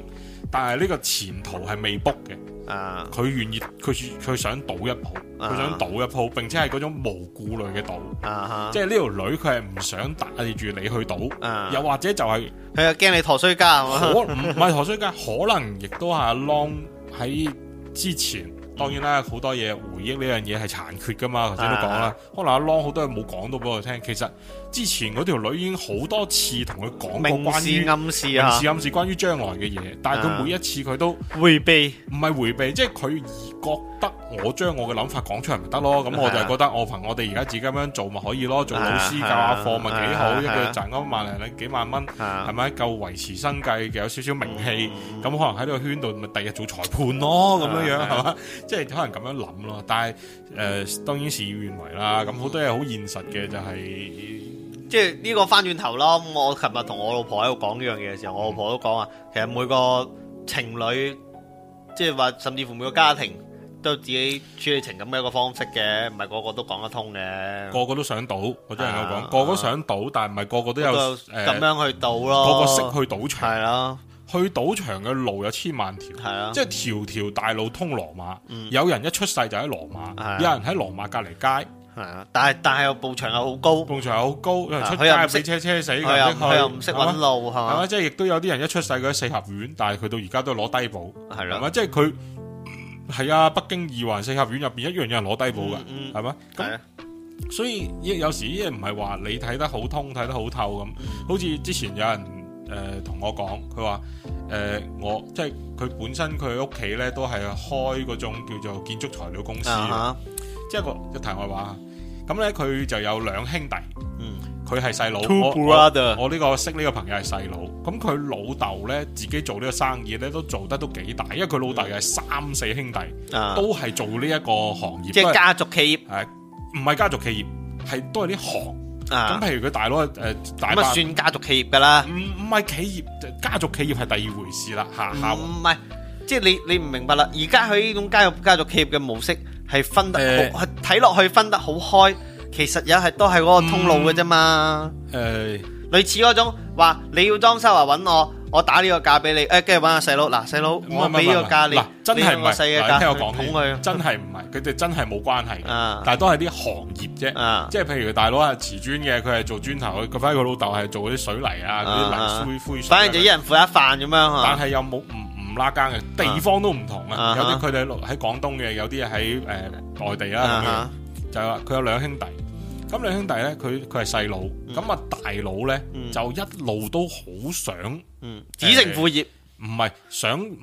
但係呢個前途係未卜 o o 嘅，佢、啊、願意佢佢想賭一鋪，佢、啊、想賭一鋪，並且係嗰種無顧慮嘅賭，啊、哈即係呢條女佢係唔想帶住你去賭，啊、又或者就係、是、佢又驚你陀衰家，家，唔係陀衰家，可能亦都係阿 Long 喺之前，嗯、當然啦，好多嘢回憶呢樣嘢係殘缺噶嘛，頭先都講啦，可能阿 Long 好多嘢冇講到俾我聽，其實。之前嗰條女已經好多次同佢講過關於暗示暗暗示關於將來嘅嘢，但係佢每一次佢都回避，唔係回避，即係佢而覺得我將我嘅諗法講出嚟咪得咯。咁我就覺得我憑我哋而家自己咁樣做咪可以咯。做老師教下課咪幾好，一個月賺嗰萬零零幾萬蚊，係咪夠維持生計嘅？有少少名氣，咁可能喺呢個圈度咪第日做裁判咯咁樣樣係嘛？即係可能咁樣諗咯。但係誒，當然事與願違啦。咁好多嘢好現實嘅就係。即係呢個翻轉頭咯，我琴日同我老婆喺度講呢樣嘢嘅時候，我老婆都講啊，其實每個情侶，即係話甚至乎每個家庭都自己處理情感嘅一個方式嘅，唔係個個都講得通嘅。個個都想賭，我真係有講，啊、個個想賭，但係唔係個個都有誒咁樣去賭咯。個個識去賭場，係咯、啊，去賭場嘅路有千萬條，係啊，即係條條大路通羅馬。嗯、有人一出世就喺羅馬，啊、有人喺羅馬隔離街。但係，但係又步牆又好高，步牆又好高，有人出街畀車車死，佢又佢又唔識搵路，係嘛？即係亦都有啲人一出世佢喺四合院，但係佢到而家都攞低保，係啦，係嘛？即係佢係啊，北京二環四合院入邊一樣有人攞低保噶，係嘛？咁所以有有時呢啲唔係話你睇得好通睇得好透咁，好似之前有人誒同我講，佢話誒我即係佢本身佢屋企咧都係開嗰種叫做建築材料公司，即係個一題外話。咁咧佢就有兩兄弟，嗯，佢係細佬，我我呢個識呢個朋友係細佬。咁佢老豆咧，自己做呢個生意咧，都做得都幾大，因為佢老豆又係三四兄弟、啊、都係做呢一個行業，即係家族企業，係唔係家族企業，係都係啲行啊。咁譬如佢大佬誒，咁、呃、啊算家族企業噶啦，唔唔係企業，家族企業係第二回事啦，吓唔係。即係你你唔明白啦，而家佢呢種家族家族企業嘅模式係分得，係睇落去分得好開，其實有係都係嗰個通路嘅啫嘛。誒，類似嗰種話你要裝修啊揾我，我打呢個價俾你，誒、哎，跟住揾下細佬，嗱，細佬我俾呢個價你，真係唔係細嘅價，聽我講，真係唔係，佢哋真係冇關係、啊、但係都係啲行業啫，即係譬如大佬係瓷磚嘅，佢係、啊、做磚頭，佢佢翻佢老豆係做嗰啲水泥啊，嗰啲泥灰灰、啊。反正就人一人付一份咁樣。但係又冇唔？啊啊拉間嘅地方都唔同、uh huh. 呃、啊，uh huh. 有啲佢哋喺喺廣東嘅，有啲喺誒內地啦咁樣。就話佢有兩兄弟，咁兩兄弟咧，佢佢係細佬，咁啊大佬咧、uh huh. 就一路都好想子承父業，唔係、uh huh. 呃、想唔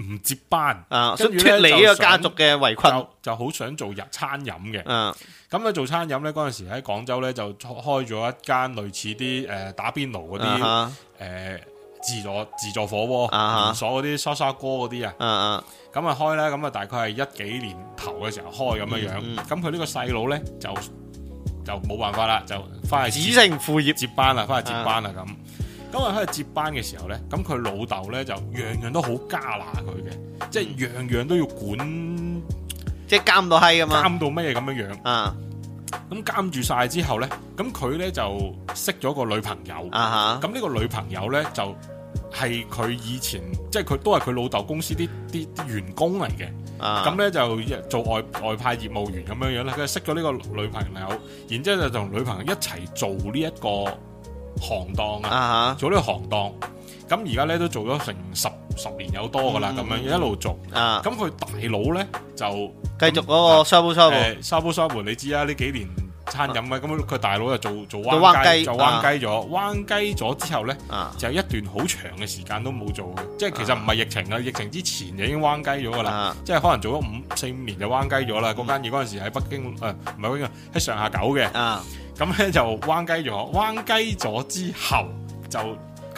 唔接班啊，想脱、uh huh. 呢個家族嘅圍困，就好想、uh huh. 想做日餐飲嘅。咁啊、uh huh. 做餐飲咧，嗰陣時喺廣州咧就開咗一間類似啲誒、呃、打邊爐嗰啲誒。Uh huh. uh 自助自助火鍋，連鎖嗰啲沙沙鍋嗰啲啊，咁啊、uh huh. 開咧，咁啊大概係一幾年頭嘅時候開咁樣樣，咁佢、uh huh. 呢個細佬咧就就冇辦法啦，就翻嚟子承父業接班啦，翻嚟接班啦咁。咁啊開接班嘅時候咧，咁佢老豆咧就樣樣都好加拿佢嘅，即係樣樣都要管，嗯、即係監到閪啊嘛，監到乜嘢咁樣樣啊。Uh huh. 咁監住晒之後呢，咁佢呢就識咗個女朋友，咁呢、uh huh. 個女朋友呢，就係、是、佢以前，即係佢都係佢老豆公司啲啲員工嚟嘅，咁呢、uh，huh. 就做外外派業務員咁樣樣啦。佢識咗呢個女朋友，然之後就同女朋友一齊做呢、這、一個。行當啊，做呢個行當，咁而家咧都做咗成十十年有多噶啦，咁樣一路做。咁佢大佬咧就繼續嗰個沙布沙布，沙布沙布你知啊，呢幾年餐飲啊，咁佢大佬就做做彎雞，做彎雞咗，彎雞咗之後咧，就有一段好長嘅時間都冇做，即係其實唔係疫情啊，疫情之前就已經彎雞咗噶啦，即係可能做咗五四五年就彎雞咗啦。嗰間嘢嗰陣時喺北京，誒唔係北京啊，喺上下九嘅。咁咧就彎雞咗，彎雞咗之後就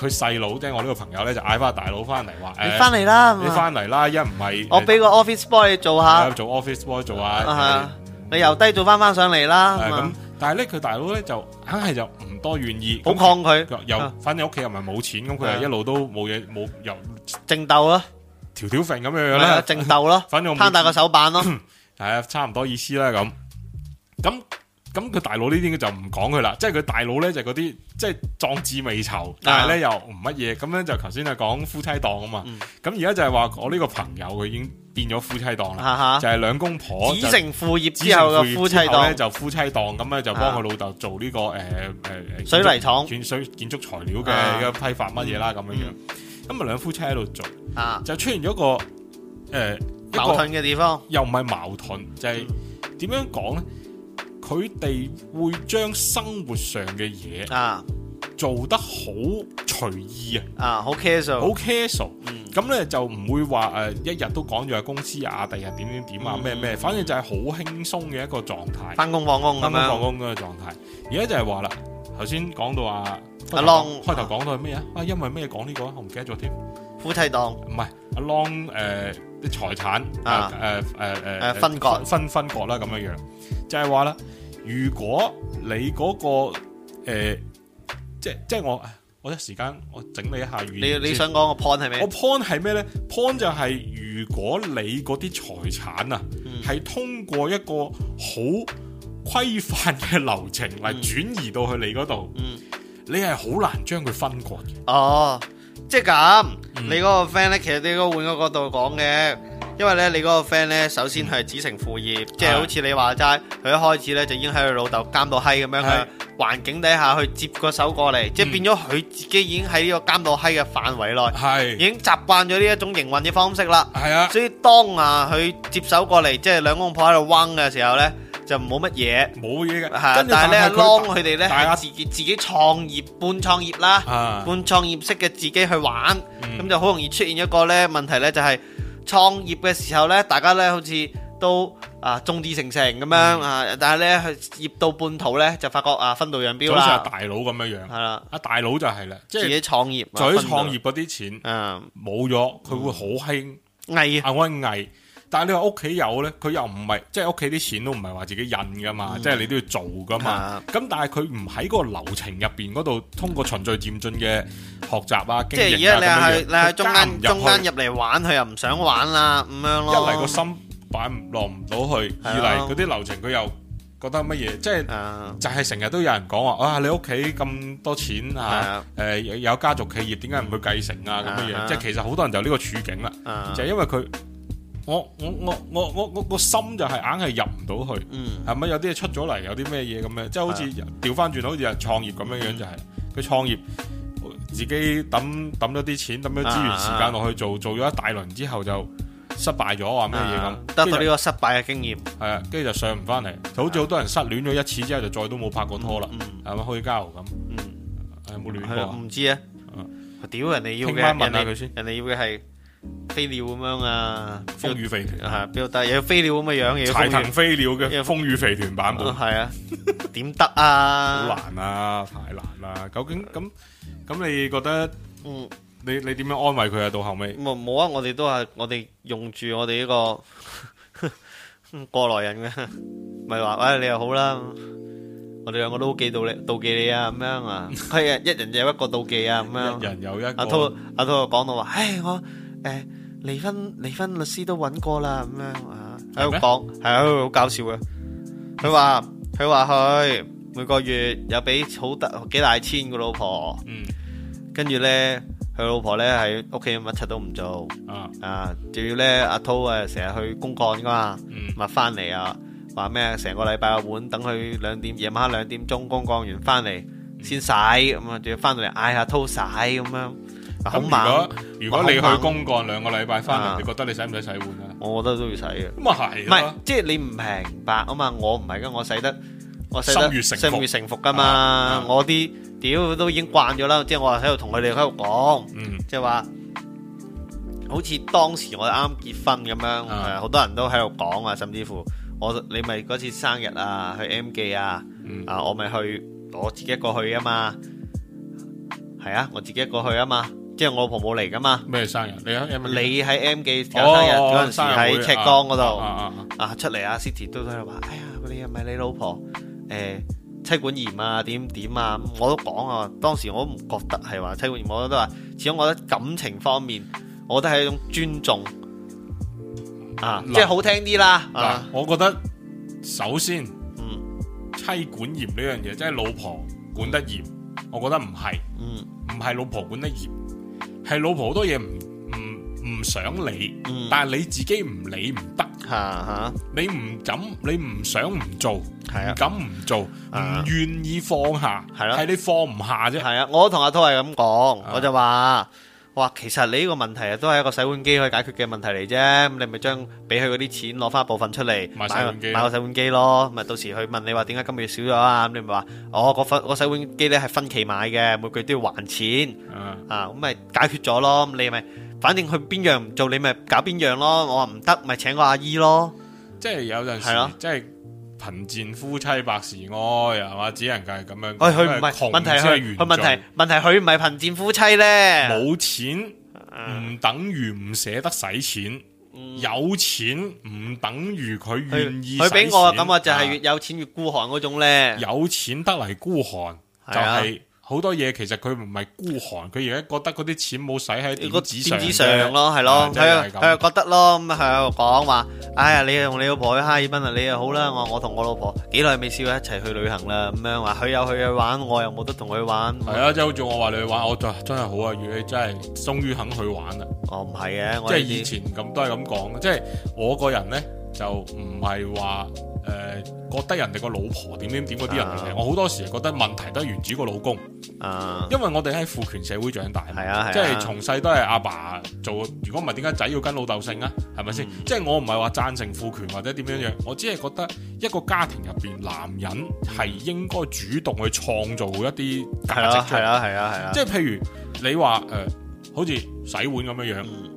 佢細佬即係我呢個朋友咧就嗌翻大佬翻嚟話，你翻嚟啦，你翻嚟啦，一唔係我俾個 office boy 做下，做 office boy 做啊，你由低做翻翻上嚟啦。咁但係咧佢大佬咧就硬係就唔多願意，好抗拒，又反正屋企又唔係冇錢，咁佢係一路都冇嘢，冇又正斗咯，條條肥咁樣樣咧，正斗咯，反正攤大個手板咯，係啊，差唔多意思啦咁，咁。咁佢大佬呢啲就唔講佢啦，即係佢大佬呢，就嗰啲即係壯志未酬，但係呢又唔乜嘢，咁呢就頭先係講夫妻檔啊嘛。咁而家就係話我呢個朋友佢已經變咗夫妻檔啦，就係兩公婆子承父業之後嘅夫妻檔，就夫妻檔咁呢，就幫佢老豆做呢個誒誒水泥廠、水建築材料嘅嘅批發乜嘢啦咁樣樣，咁咪兩夫妻喺度做，就出現咗個誒矛盾嘅地方，又唔係矛盾，就係點樣講呢？佢哋會將生活上嘅嘢啊做得好隨意啊，啊好 casual，好 casual，咁咧就唔會話誒，一日都講住喺公司啊，第日點點點啊，咩咩，反正就係好輕鬆嘅一個狀態，翻工放工咁樣，翻工放工嘅狀態。而家就係話啦，頭先講到話阿 Long 開頭講到係咩啊？啊，因為咩講呢個啊？我唔記得咗添。夫妻檔唔係阿 Long 誒，啲財產啊誒誒誒，分割分分割啦咁樣樣。就係話啦，如果你嗰、那個誒、呃，即係即係我，我一時間我整理一下語。你結你想講個 point 係咩？個 point 係咩咧？point 就係、是、如果你嗰啲財產啊，係、嗯、通過一個好規範嘅流程嚟轉移到去你嗰度，嗯嗯、你係好難將佢分割哦，即係咁，嗯、你嗰個 friend 咧，其實你都換個角度講嘅。因為咧，你嗰個 friend 咧，首先佢係子承父業，即係好似你話齋，佢一開始咧就已經喺佢老豆監到閪咁樣嘅環境底下，去接個手過嚟，即係變咗佢自己已經喺呢個監到閪嘅範圍內，係已經習慣咗呢一種營運嘅方式啦。係啊，所以當啊佢接手過嚟，即係兩公婆喺度嗡嘅時候咧，就冇乜嘢，冇嘢嘅。係，但係咧當佢哋咧，自己自己創業半創業啦，半創業式嘅自己去玩，咁就好容易出現一個咧問題咧，就係。創業嘅時候咧，大家咧好似都啊眾志成城咁樣啊，但係咧去業到半途咧就發覺啊分道揚鑣好似啊大佬咁樣樣係啦，啊大佬就係啦，即係自己創業，自己創業嗰啲錢啊冇咗，佢會好興毅啊，我係毅，但係你話屋企有咧，佢又唔係即係屋企啲錢都唔係話自己印噶嘛，即係你都要做噶嘛，咁但係佢唔喺嗰個流程入邊嗰度通過循序漸進嘅。學習啊，即係而家你係你喺中間中間入嚟玩，佢又唔想玩啦，咁樣咯。一嚟個心擺唔落唔到去，二嚟嗰啲流程佢又覺得乜嘢，即係就係成日都有人講話，啊，你屋企咁多錢啊，誒有家族企業，點解唔去繼承啊？咁樣，即係其實好多人就呢個處境啦，就係因為佢，我我我我我我個心就係硬係入唔到去，係咪有啲嘢出咗嚟有啲咩嘢咁樣？即係好似調翻轉，好似係創業咁樣樣就係佢創業。自己抌抌咗啲錢，抌咗資源、時間落去做，做咗一大輪之後就失敗咗，話咩嘢咁？得到呢個失敗嘅經驗係啊，跟住就上唔翻嚟，就好似好多人失戀咗一次之後就再都冇拍過拖啦，係咪可以交流咁？係有冇戀過啊？唔知啊，屌人哋要問下佢先。人哋要嘅係飛鳥咁樣啊，風雨肥啊，邊度得有飛鳥咁嘅樣嘢？彩騰飛鳥嘅，又風雨肥團版本。係啊，點得啊？好難啊，太難啦！究竟咁？咁你覺得，嗯，你你點樣安慰佢啊？到後尾，冇冇啊！我哋都係我哋用住我哋呢、這個 過來人嘅，咪 話，唉、哎，你又好啦，我哋兩個都好妒忌妒忌你啊，咁樣啊，係啊， 一人有一個妒忌啊，咁樣，一人有一個，阿濤阿濤就講到話，唉、哎，我誒離、哎、婚離婚律師都揾過啦，咁樣啊，喺度講，喺度好搞笑嘅，佢話佢話佢。每個月有俾好大幾大千個老婆，跟住咧佢老婆咧喺屋企乜七都唔做，啊，仲要咧阿濤誒成日去公幹噶嘛，咪翻嚟啊，話咩成個禮拜個碗等佢兩點夜晚黑兩點鐘公幹完翻嚟先洗咁啊，仲要翻到嚟嗌下濤洗咁樣，好慢。如果如果你去公幹兩個禮拜翻嚟，你覺得你使唔使洗碗啊？我覺得都要洗嘅，咁啊係，唔係即係你唔明白啊嘛，我唔係噶，我洗得。我識得識木、啊，越成服噶嘛？我啲屌都已經慣咗啦、嗯，即係我喺度同佢哋喺度講，即係話，好似當時我啱結婚咁樣、啊，好多人都喺度講啊，甚至乎我你咪嗰次生日啊，去 M 記啊，啊，嗯、啊，我咪去，我自己一個去啊嘛，係啊，我自己一個去啊嘛，即係我老婆冇嚟噶嘛。咩生日？你啊？你喺 M 記搞生日嗰陣時喺赤崗嗰度，啊，啊，啊，啊出嚟啊，City 都喺度話，哎呀，你係咪你老婆？誒、欸，妻管嚴啊，點點啊，我都講啊，當時我都唔覺得係話妻管嚴，我都話，始終我覺得感情方面，我覺得係一種尊重啊，即係好聽啲啦。嗱，啊，呃，我覺得首先，嗯，妻管嚴呢樣嘢，即係老婆管得嚴，我覺得唔係，嗯，唔係老婆管得嚴，係老婆好多嘢唔唔。唔想理，但係你自己唔理唔得，吓吓，你唔敢，你唔想唔做，係啊，敢唔做，唔願意放下，係咯，係你放唔下啫。係啊，我同阿濤係咁講，我就話哇其實你呢個問題啊，都係一個洗碗機可以解決嘅問題嚟啫。咁你咪將俾佢嗰啲錢攞翻部分出嚟，買洗碗機，買個洗碗機咯。咪到時佢問你話點解今日少咗啊？咁你咪話哦，嗰份嗰洗碗機咧係分期買嘅，每個月都要還錢，啊咁咪解決咗咯。咁你咪。反正佢邊樣唔做你咪搞邊樣咯，我話唔得咪請個阿姨咯。即係有陣時、啊、即係貧賤夫妻百事哀啊嘛，只能夠係咁樣。佢佢唔係問題，佢佢問題問題佢唔係貧賤夫妻呢？冇錢唔等於唔捨得使錢，嗯、有錢唔等於佢願意佢俾我咁啊，就係越有錢越孤寒嗰種呢。有錢得嚟孤寒就係、是啊。就是好多嘢其實佢唔係孤寒，佢而家覺得嗰啲錢冇使喺點子上咯，係咯，佢佢又覺得咯，咁啊喺度講話，哎呀，你又同你老婆去哈爾濱啊，你又好啦，我我同我老婆幾耐未試過一齊去旅行啦，咁樣話佢有佢去，去玩，我又冇得同佢玩。係啊，即係、嗯、好似我話你去玩，我就真係好啊，與你真係、啊、終於肯去玩啦。哦，唔係嘅，即係以前咁都係咁講，即、就、係、是、我個人咧。就唔係話誒，覺得人哋個老婆點點點嗰啲人嚟嘅。啊、我好多時覺得問題都係源自個老公，啊，因為我哋喺父權社會長大，係啊，啊即係從細都係阿爸，爸做。如果唔係，點解仔要跟老豆姓啊？係咪先？嗯、即係我唔係話贊成父權或者點樣樣，嗯、我只係覺得一個家庭入邊，男人係應該主動去創造一啲價值，係啦、啊，係啦、啊，係啦、啊。啊啊、即係譬如你話誒、呃，好似洗碗咁樣樣。嗯嗯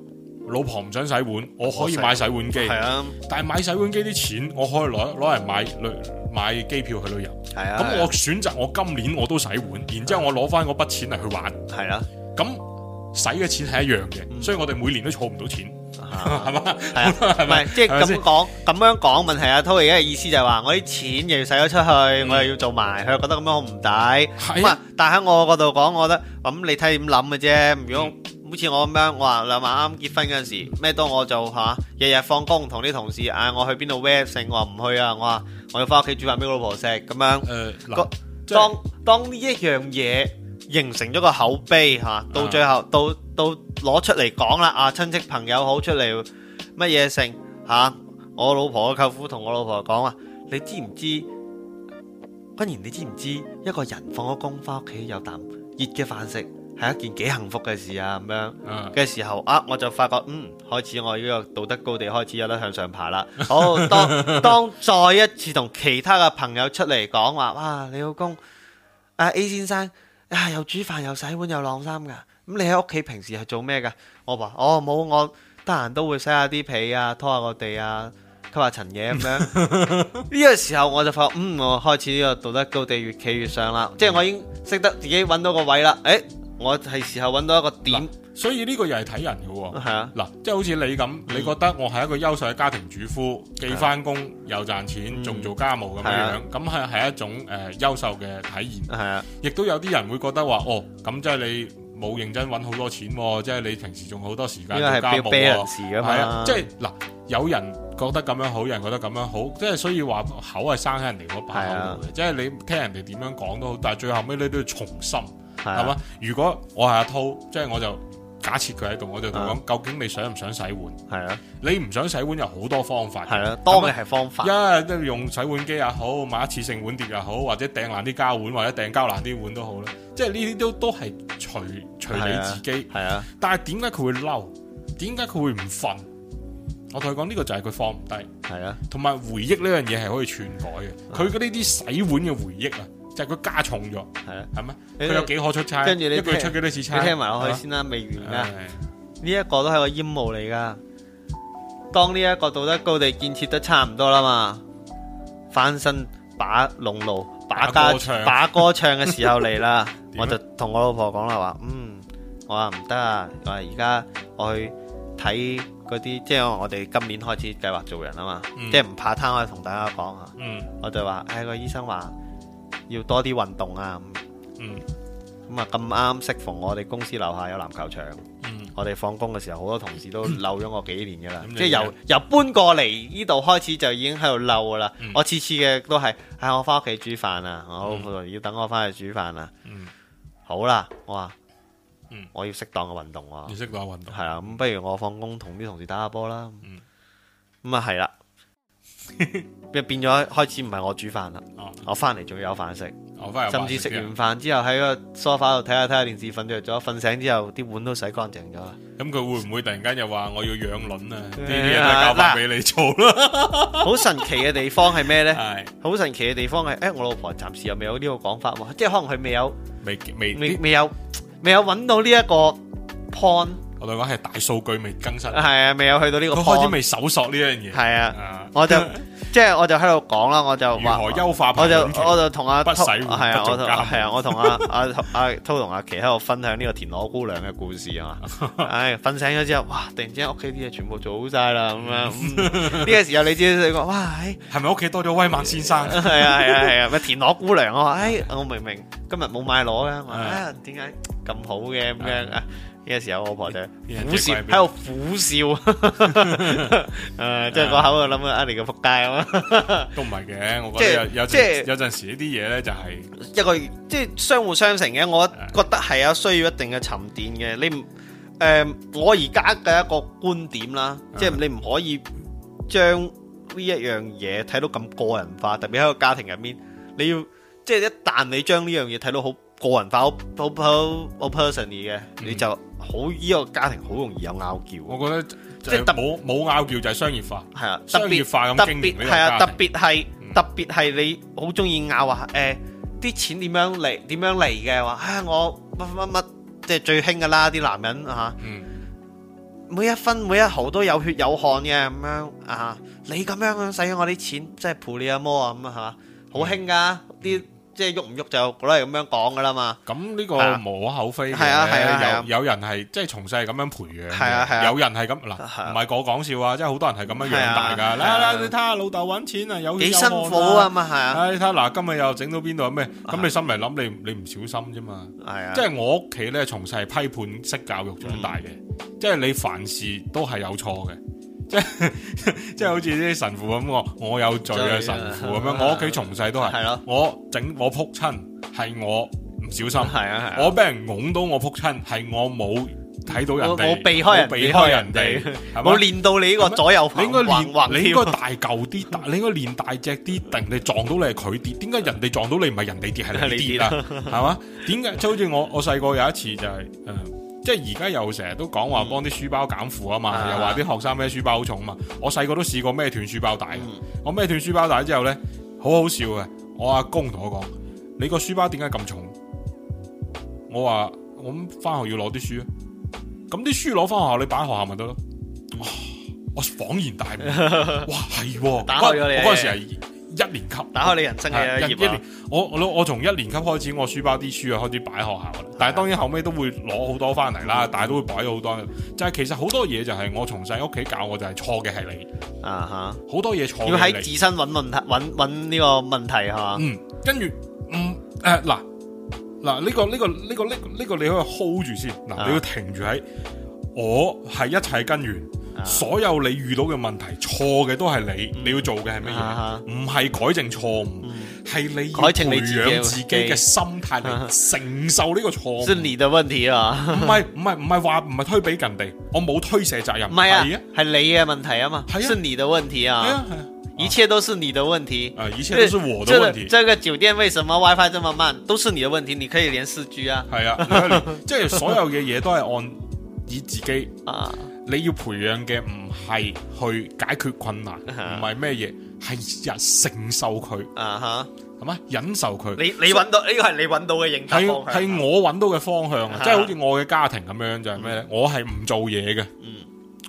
老婆唔想洗碗，我可以買洗碗機。係啊，但係買洗碗機啲錢，我可以攞攞嚟買買機票去旅遊。係啊，咁我選擇我今年我都洗碗，然之後我攞翻嗰筆錢嚟去玩。係啊，咁使嘅錢係一樣嘅，所以我哋每年都儲唔到錢，係嘛？係啊，唔係即係咁講咁樣講，問題阿濤而家嘅意思就係話，我啲錢又要使咗出去，我又要做埋，佢又覺得咁樣好唔抵。係啊，但喺我嗰度講，我覺得咁你睇點諗嘅啫，如果。好似我咁樣，我話兩晚啱結婚嗰陣時咩都我就吓日日放工同啲同事，哎我去邊度食剩，我話唔去啊，我話我要翻屋企煮飯俾我老婆食咁樣。誒，當當呢一樣嘢形成咗個口碑吓、啊，到最後到到攞出嚟講啦，啊親戚朋友好出嚟乜嘢性？吓、啊，我老婆嘅舅父同我老婆講啊，你知唔知？不然你知唔知一個人放咗工翻屋企有啖熱嘅飯食？係一件幾幸福嘅事啊！咁樣嘅、嗯、時候啊，我就發覺嗯，開始我呢個道德高地開始有得向上爬啦。好、oh，當當再一次同其他嘅朋友出嚟講話，哇！你老公啊 A 先生啊，又煮飯又洗碗又晾衫噶，咁你喺屋企平時係做咩噶？我話哦，冇我得閑都會洗一下啲被啊，拖下我地啊。吸下塵嘢咁樣呢 個時候，我就發覺嗯，我開始呢個道德高地越企越上啦，即係我已經識得自己揾到個位啦。誒、欸。我係時候揾到一個點，所以呢個又係睇人嘅。哦。係啊，嗱，即係好似你咁，嗯、你覺得我係一個優秀嘅家庭主夫，既翻工，又賺錢，仲、嗯、做家務咁樣，嗯啊、樣，咁係係一種誒優、呃、秀嘅體驗。係啊，亦都有啲人會覺得話哦，咁即係你冇認真揾好多錢，哦，即係你平時仲好多時間做家務，哦。係啊，即係嗱，有人覺得咁樣好，有人覺得咁樣好，即係所以話口係生喺人哋嗰把口度，即係你聽人哋點樣講都好，但係最後尾你都要從心。係嘛？如果我係阿濤，即係我就假設佢喺度，我就同佢講：究竟你想唔想洗碗？係啊，你唔想洗碗有好多方法。係啦、啊，當你係方法。因為用洗碗機也好，買一次性碗碟也好，或者掟爛啲膠碗，或者掟膠爛啲碗都好啦。即係呢啲都都係隨隨你自己。係啊，啊但係點解佢會嬲？點解佢會唔瞓？我同佢講呢個就係佢放唔低。係啊，同埋回憶呢樣嘢係可以篡改嘅。佢嗰呢啲洗碗嘅回憶啊。就佢加重咗，係啊嗎，係咩你？佢有幾可出差？跟住你一句出幾多次差？你聽埋落去先啦，啊、未完啦、啊。呢一、哎、呀個都係個煙霧嚟噶。當呢一個道德高地建設得差唔多啦嘛，翻身把農奴把，把歌唱。把歌唱嘅時候嚟啦， 樣我就同我老婆講啦話，嗯，我話唔得啊，我話而家我去睇嗰啲，即、就、係、是、我哋今年開始計劃做人啊嘛，即係唔怕攤，我同大家講啊，嗯、我就話，哎，個醫生話。要多啲運動啊！嗯，咁啊咁啱適逢我哋公司樓下有籃球場，我哋放工嘅時候好多同事都溜咗我幾年噶啦，即係由由搬過嚟呢度開始就已經喺度溜噶啦。我次次嘅都係，喺我翻屋企煮飯啊，我要等我翻去煮飯啊。好啦，我話，我要適當嘅運動喎，適當運動係啊，咁不如我放工同啲同事打下波啦。嗯，咁啊係啦。變咗開始唔係我煮飯啦，我翻嚟仲要有飯食，甚至食完飯之後喺個梳化度睇下睇下電視，瞓着咗，瞓醒之後啲碗都洗乾淨咗。咁佢會唔會突然間又話我要養卵啊？呢啲人教埋俾你做咯。好神奇嘅地方係咩呢？好神奇嘅地方係，誒，我老婆暫時又未有呢個講法喎，即係可能佢未有，未未未未有，揾到呢一個 point。我哋講係大數據未更新，係啊，未有去到呢個 point，未搜索呢樣嘢，係啊，我就。即係我就喺度講啦，我就話優化我，我就 我就同阿濤，係啊，我同係啊，我同阿阿阿濤同阿琪喺度分享呢個田螺姑娘嘅故事啊！唉、嗯，瞓、 哎、醒咗之後，哇！突然之間屋企啲嘢全部做好晒啦，咁樣呢個時候你知你講哇！係咪屋企多咗威猛先生？係啊係啊係啊！喂、啊啊啊，田螺姑娘我話唉，我明明今日冇買螺嘅，我話點解咁好嘅咁樣啊？ 呢個時候我婆就苦笑喺度苦笑，誒，即係我喺度諗，阿你個仆街咁啊，都唔係嘅，我覺得有即係有陣時呢啲嘢咧，就係、是、一個即係相互相成嘅，我覺得係有需要一定嘅沉澱嘅。你唔誒、呃，我而家嘅一個觀點啦，即係你唔可以將呢一樣嘢睇到咁個人化，特別喺個家庭入面，你要即係、就是、一旦你將呢樣嘢睇到好。個人化，我我我 personally 嘅，嗯、你就好呢、呢個家庭好容易有拗撬。我覺得即係冇冇拗撬就係商業化。係啊，商業化咁、嗯、特別係啊，特別係特別係你好中意拗啊，誒啲錢點樣嚟點樣嚟嘅話，唉，我乜乜乜，即係最興噶啦，啲男人啊，嗯、每一分每一毫都有血有汗嘅咁樣啊，你咁樣使咗我啲錢，即係賠你阿摸啊咁啊吓，好興噶啲。即係喐唔喐就，佢都係咁樣講噶啦嘛。咁呢個無可厚非。係啊係啊，有有人係即係從細係咁樣培養。係啊係啊，有人係咁嗱，唔係我講笑啊，即係好、啊啊、多人係咁樣養大噶。嗱嗱、啊啊，你睇下老豆揾錢啊，有幾辛苦啊嘛係啊、哎。睇嗱，今日又整到邊度咩？咁你心嚟諗，你你唔小心啫嘛。係啊，啊即。即係我屋企咧，從細係批判式教育長大嘅，嗯、即係你凡事都係有錯嘅。即係即係好似啲神父咁，我我有罪啊神父，咁樣我屋企從細都係，我整我扑親係我唔小心，係啊係，我俾人㧬到我扑親係我冇睇到人哋，我避開人避開人哋，我冇練到你呢個左右你應該練，你應該大舊啲，但你應該練大隻啲，定你撞到你係佢跌，點解人哋撞到你唔係人哋跌係你跌啊，係嘛？點解？即好似我我細個有一次就係誒。即係而家又成日都講話幫啲書包減負啊嘛，嗯、又話啲學生咩書包好重啊嘛。啊我細個都試過咩斷書包帶、啊，嗯、我咩斷書包帶之後咧，好好笑嘅。我阿公同我講：你個書包點解咁重？我話：我翻學要攞啲書，咁啲書攞翻學,學校你擺喺學校咪得咯？我恍然大悟， 哇，係、啊，嗰 我嗰時係。一年級打開你人生嘅一頁，啊，我我我從一年級開始，我書包啲書啊開始擺喺學校啦。但係當然後尾都會攞好多翻嚟啦，嗯、但係都會擺咗好多。就係、是、其實好多嘢就係我從細屋企教我，我就係錯嘅係你啊吓哈，好多嘢錯。要喺自身揾問題，揾揾呢個問題吓、嗯。嗯，跟、呃、住，嗯誒嗱嗱呢個呢、這個呢、這個呢呢、這個這個你可以 hold 住先，嗱你要停住喺、啊、我係一切根源。所有你遇到嘅問題，錯嘅都係你，你要做嘅係咩嘢？唔係、啊啊、改正錯誤，係、嗯、你培養自己嘅心態去承受呢個錯誤。唔係唔係唔係話唔係推俾人哋，我冇推卸責任。唔係啊，係你嘅問題啊嘛，係你的問題啊，一切都是你的問題啊，uh, 啊，啊，啊，一切都是我的問題所以、這個。這個酒店為什麼 WiFi 這麼慢？都是你的問題，你可以連四 G 啊。係 啊，即、就、係、是、所有嘅嘢都係按，自己啊，你要培養嘅唔係去解決困難，唔係咩嘢，係日承受佢啊吓，係咪忍受佢？你你揾到呢個係你揾到嘅應對方向，係我揾到嘅方向啊！即係好似我嘅家庭咁樣，就係咩咧？我係唔做嘢嘅，嗯，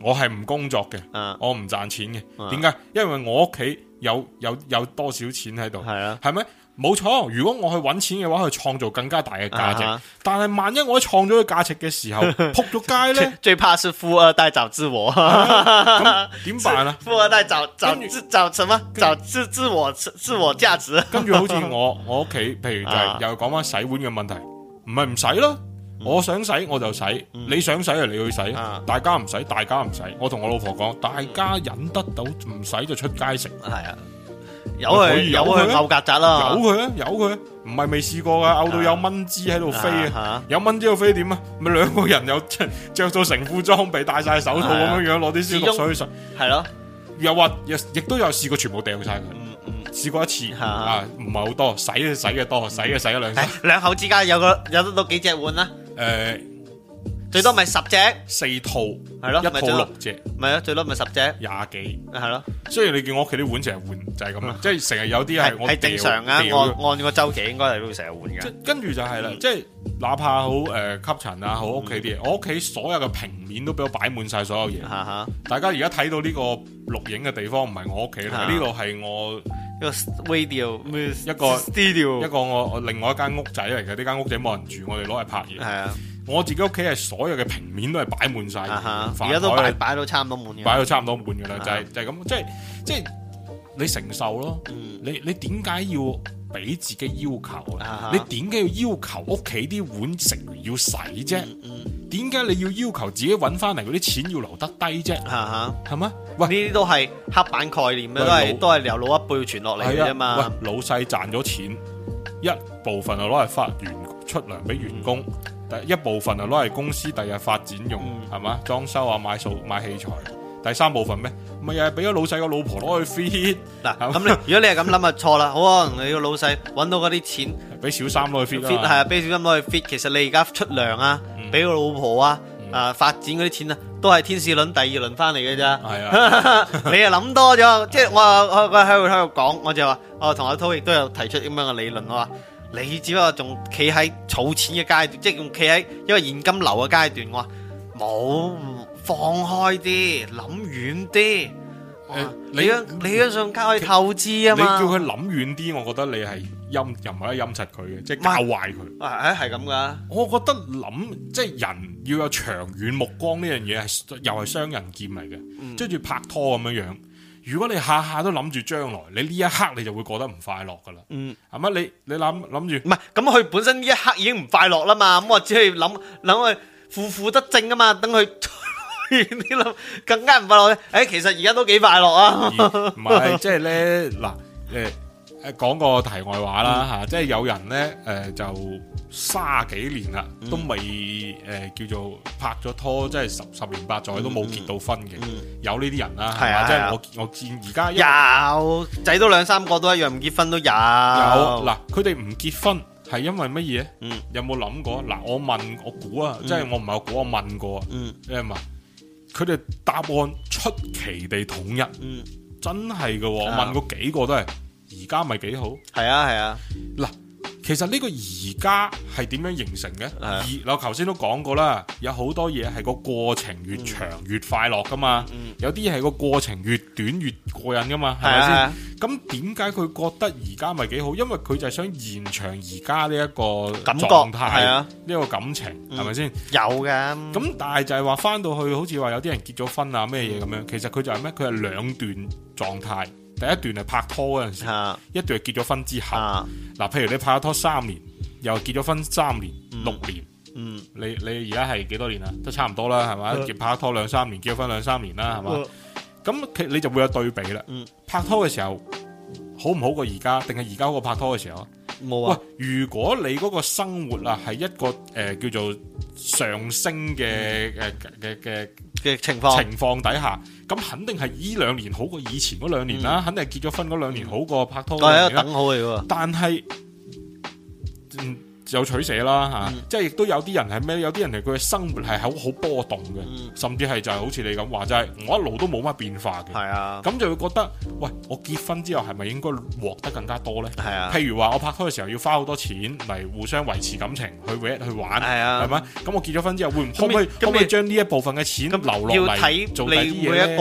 我係唔工作嘅，啊，我唔賺錢嘅。點解？因為我屋企有有有多少錢喺度，係啊，係咩？冇錯，如果我去揾錢嘅話，去創造更加大嘅價值。但係萬一我創造咗價值嘅時候，仆咗街呢，最怕是富二代找自我，點辦啊？富二代找找自找什麼？找自我自我價值。跟住好似我我屋企，譬如就又講翻洗碗嘅問題，唔係唔使囉，我想洗我就洗，你想洗就你去洗，大家唔使，大家唔使。我同我老婆講，大家忍得到唔使就出街食。係啊。有佢，有佢，咬曱甴啦！咬佢啊，咬佢！唔係未試過噶，咬到有蚊滋喺度飛啊！有蚊滋喺度飛點啊？咪兩個人有着做成副裝備，戴晒手套咁樣樣，攞啲消毒水去洗，係咯。又話亦都有試過，全部掉晒佢。嗯嗯，試過一次啊，唔係好多，洗洗嘅多，洗嘅洗一兩次。兩口之家有個有得到幾隻碗啦？誒。最多咪十隻，四套係咯，一套六隻，咪咯，最多咪十隻，廿幾係咯。所以你見我屋企啲碗成日換就係咁啦，即係成日有啲係。係正常啊，按按個周期應該係都會成日換嘅。跟住就係啦，即係哪怕好誒吸塵啊，好屋企啲嘢，我屋企所有嘅平面都俾我擺滿晒所有嘢。吓吓，大家而家睇到呢個錄影嘅地方唔係我屋企嚟，呢度係我一個 video 一個 studio 一個我我另外一間屋仔嚟嘅呢間屋仔冇人住，我哋攞嚟拍嘢。係啊。我自己屋企係所有嘅平面都係擺滿晒，而家都擺擺到差唔多滿，擺到差唔多滿嘅啦，就係就係咁，即係即係你承受咯。你你點解要俾自己要求？你點解要要求屋企啲碗食完要洗啫？點解你要要求自己搵翻嚟嗰啲錢要留得低啫？吓吓，係咩？喂，呢啲都係黑板概念咧，都係都係由老一輩傳落嚟嘅嘛。喂，老細賺咗錢，一部分就攞嚟發完出糧俾員工。第一部分啊，攞嚟公司第日發展用，係咪裝修啊，買數買器材。第三部分咩？咪又係俾咗老細個老婆攞去 fit 嗱、啊。咁 你如果你係咁諗就錯啦。好可能你個老細揾到嗰啲錢，俾小三攞去 fit 啦。係啊，俾、啊、小三攞去 fit、啊。其實你而家出糧啊，俾個、嗯、老婆啊，嗯、啊發展嗰啲錢啊，都係天使輪第二輪翻嚟嘅咋。係啊， 你啊諗多咗。即係我我喺度喺度講，我就話，我同阿濤亦都有提出咁樣嘅理論啊。你只不過仲企喺儲錢嘅階段，即係仲企喺一個現金流嘅階段。我話冇放開啲，諗遠啲、啊啊。你嘅你嘅信用卡去透支啊嘛？你叫佢諗遠啲，我覺得你係陰，又唔係陰柒佢嘅，即係教壞佢。誒係咁噶。啊、我覺得諗即係人要有長遠目光呢樣嘢係又係雙刃劍嚟嘅，即住拍拖咁樣樣。如果你下下都諗住將來，你呢一刻你就會過得唔快樂噶啦，係咪，嗯？你你諗諗住，唔係，咁佢本身呢一刻已經唔快樂啦嘛，咁我只係諗諗佢負負得正啊嘛，等佢，你諗更加唔快樂咧？誒、欸，其實而家都幾快樂啊，唔係，即係咧嗱誒。 講個題外話啦吓，即係有人咧，誒就卅幾年啦，都未誒叫做拍咗拖，即係十十年八載都冇結到婚嘅，有呢啲人啦，係啊，即係我我見而家有仔都兩三個都一樣唔結婚都有。有嗱，佢哋唔結婚係因為乜嘢？有冇諗過？嗱，我問，我估啊，即係我唔係我估，我問過，嗯，你係咪？佢哋答案出奇地統一，嗯，真係㗎，我問過幾個都係。而家咪幾好？係啊係啊！嗱、啊，其實呢個而家係點樣形成嘅？啊、而我頭先都講過啦，有好多嘢係個過程越長越快樂噶嘛，嗯、有啲嘢係個過程越短越過癮噶嘛，係咪先？咁點解佢覺得而家咪幾好？因為佢就係想延長而家呢一個狀態，感覺啊，呢個感情係咪先？有嘅。咁但係就係話翻到去好似話有啲人結咗婚啊咩嘢咁樣，嗯、其實佢就係咩？佢係兩段狀態。一段係拍拖嗰陣時，啊、一段係結咗婚之後。嗱、啊，譬如你拍咗拖三年，又結咗婚三年，嗯、六年，嗯，你你而家係幾多年啊？都差唔多啦，係咪？啊、結拍拖兩三年，結咗婚兩三年啦，係嘛？咁佢、啊、你就會有對比啦。嗯、拍拖嘅時候好唔好過而家？定係而家好過拍拖嘅時候啊？冇啊！喂，如果你嗰個生活啊係一個誒、呃、叫做上升嘅誒嘅嘅。呃嘅情況情況底下，咁肯定係依兩年好過以前嗰兩年啦，啊，嗯、肯定係結咗婚嗰兩年好過拍拖，都係一個等號嚟喎。但係，嗯有取捨啦嚇，嗯、即係亦都有啲人係咩？有啲人係佢嘅生活係好好波動嘅，嗯、甚至係就係好似你咁話，就係、是、我一路都冇乜變化嘅。係啊，咁就會覺得，喂，我結婚之後係咪應該獲得更加多咧？係啊，譬如話我拍拖嘅時候要花好多錢嚟互相維持感情去去玩，係啊，係咪？咁我結咗婚之後會唔可唔你可可唔可以將呢一部分嘅錢留落嚟做啲嘢，要睇你每一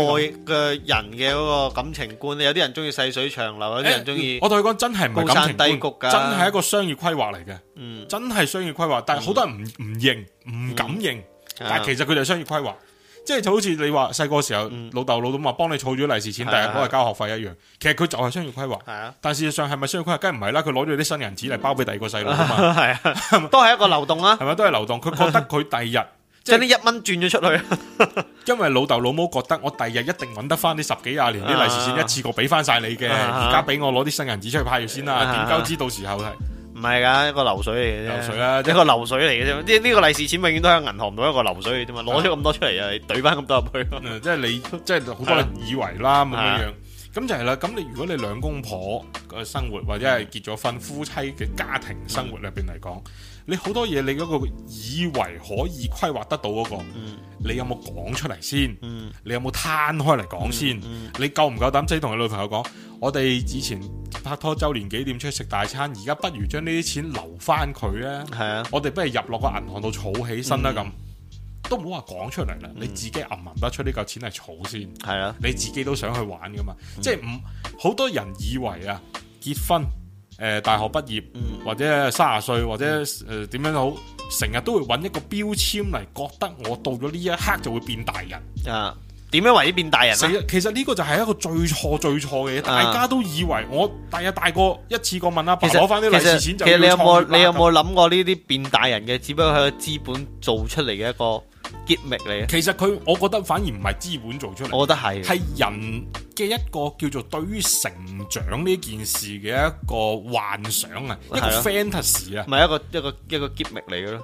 個嘅人嘅嗰個感情觀，有啲人中意細水長流，有啲人中意。我同佢講真係唔係感情低谷，真係一個商業規劃嚟嘅。真係商業規劃，但係好多人唔唔認，唔敢認。但係其實佢就係商業規劃，即係就好似你話細個時候老豆老母話幫你儲咗利是錢，第日攞嚟交學費一樣。其實佢就係商業規劃。但事實上係咪商業規劃？梗係唔係啦。佢攞咗啲新人紙嚟包俾第二個細路啊嘛。都係一個流動啊。係咪？都係流動。佢覺得佢第二日即係呢一蚊轉咗出去，因為老豆老母覺得我第二日一定揾得翻啲十幾廿年啲利是錢，一次過俾翻晒你嘅。而家俾我攞啲新人紙出去派住先啦，點鳩知到時候係？唔係噶，一個流水嚟嘅啫，流水啊，一個流水嚟嘅啫。呢呢個利是錢永遠都喺銀行度一個流水嚟嘅啫嘛，攞咗咁多出嚟又兌翻咁多入去。即係你，即係好多人以為啦咁樣樣，咁就係啦。咁你如果你兩公婆嘅生活或者係結咗婚夫妻嘅家庭生活入邊嚟講。你好多嘢，你嗰個以為可以規劃得到嗰個，嗯、你有冇講出嚟先？嗯、你有冇攤開嚟講先？嗯嗯你夠唔夠膽仔同你女朋友講？我哋以前拍拖周年紀念出去食大餐，而家不如將呢啲錢留翻佢是啊！係啊，我哋不如入落個銀行度儲起身啦咁，都唔好話講出嚟啦。你自己撳撳得出呢嚿錢係儲先，係是啊，你自己都想去玩噶嘛？嗯嗯即係唔好多人以為啊，結婚。誒、呃，大學畢業或者三十歲或者誒點、呃、樣好，成日都會揾一個標籤嚟，覺得我到咗呢一刻就會變大人。啊，點樣為之變大人啊？其實呢個就係一個最錯最錯嘅嘢，啊、大家都以為我第日大個一次過問阿爸攞翻啲利是錢，就，其實你有冇你有冇諗過呢啲變大人嘅，只不過係個資本做出嚟嘅一個。gimmick 嚟嘅，其實佢我覺得反而唔係資本做出嚟，我覺得係係人嘅一個叫做對於成長呢件事嘅一個幻想啊，一個 fantasy 啊，唔係一個一個一個 gimmick 嚟嘅咯。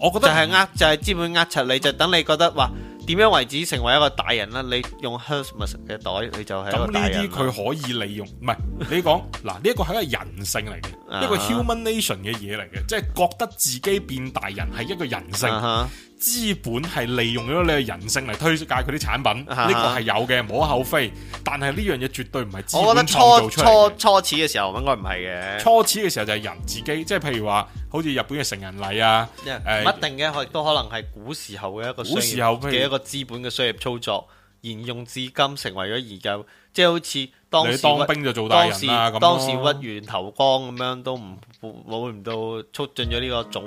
我覺得就係呃就係、是、資本呃出你，就等你覺得話點樣為止成為一個大人啦，啊。你用 Hermès 嘅袋，你就係咁呢啲佢可以利用，唔係 你講嗱呢一個係一個人性嚟嘅，一個 humanation 嘅嘢嚟嘅，即係覺得自己變大人係一個人性。啊啊資本係利用咗你嘅人性嚟，推介佢啲產品，呢、uh huh. 個係有嘅，無可厚非。但係呢樣嘢絕對唔係資本創造出嚟。我覺得初初初始嘅時候應該唔係嘅，初始嘅時候就係人自己，即係譬如話，好似日本嘅成人禮啊，唔 Yeah,、呃、一定嘅，亦都可能係古時候嘅一個古時候嘅一個資本嘅商業操作，沿用至今，成為咗而家，即係好似。你當兵就做大人啦，咁時咯。當時屈原投江咁樣都唔會唔到促進咗呢個種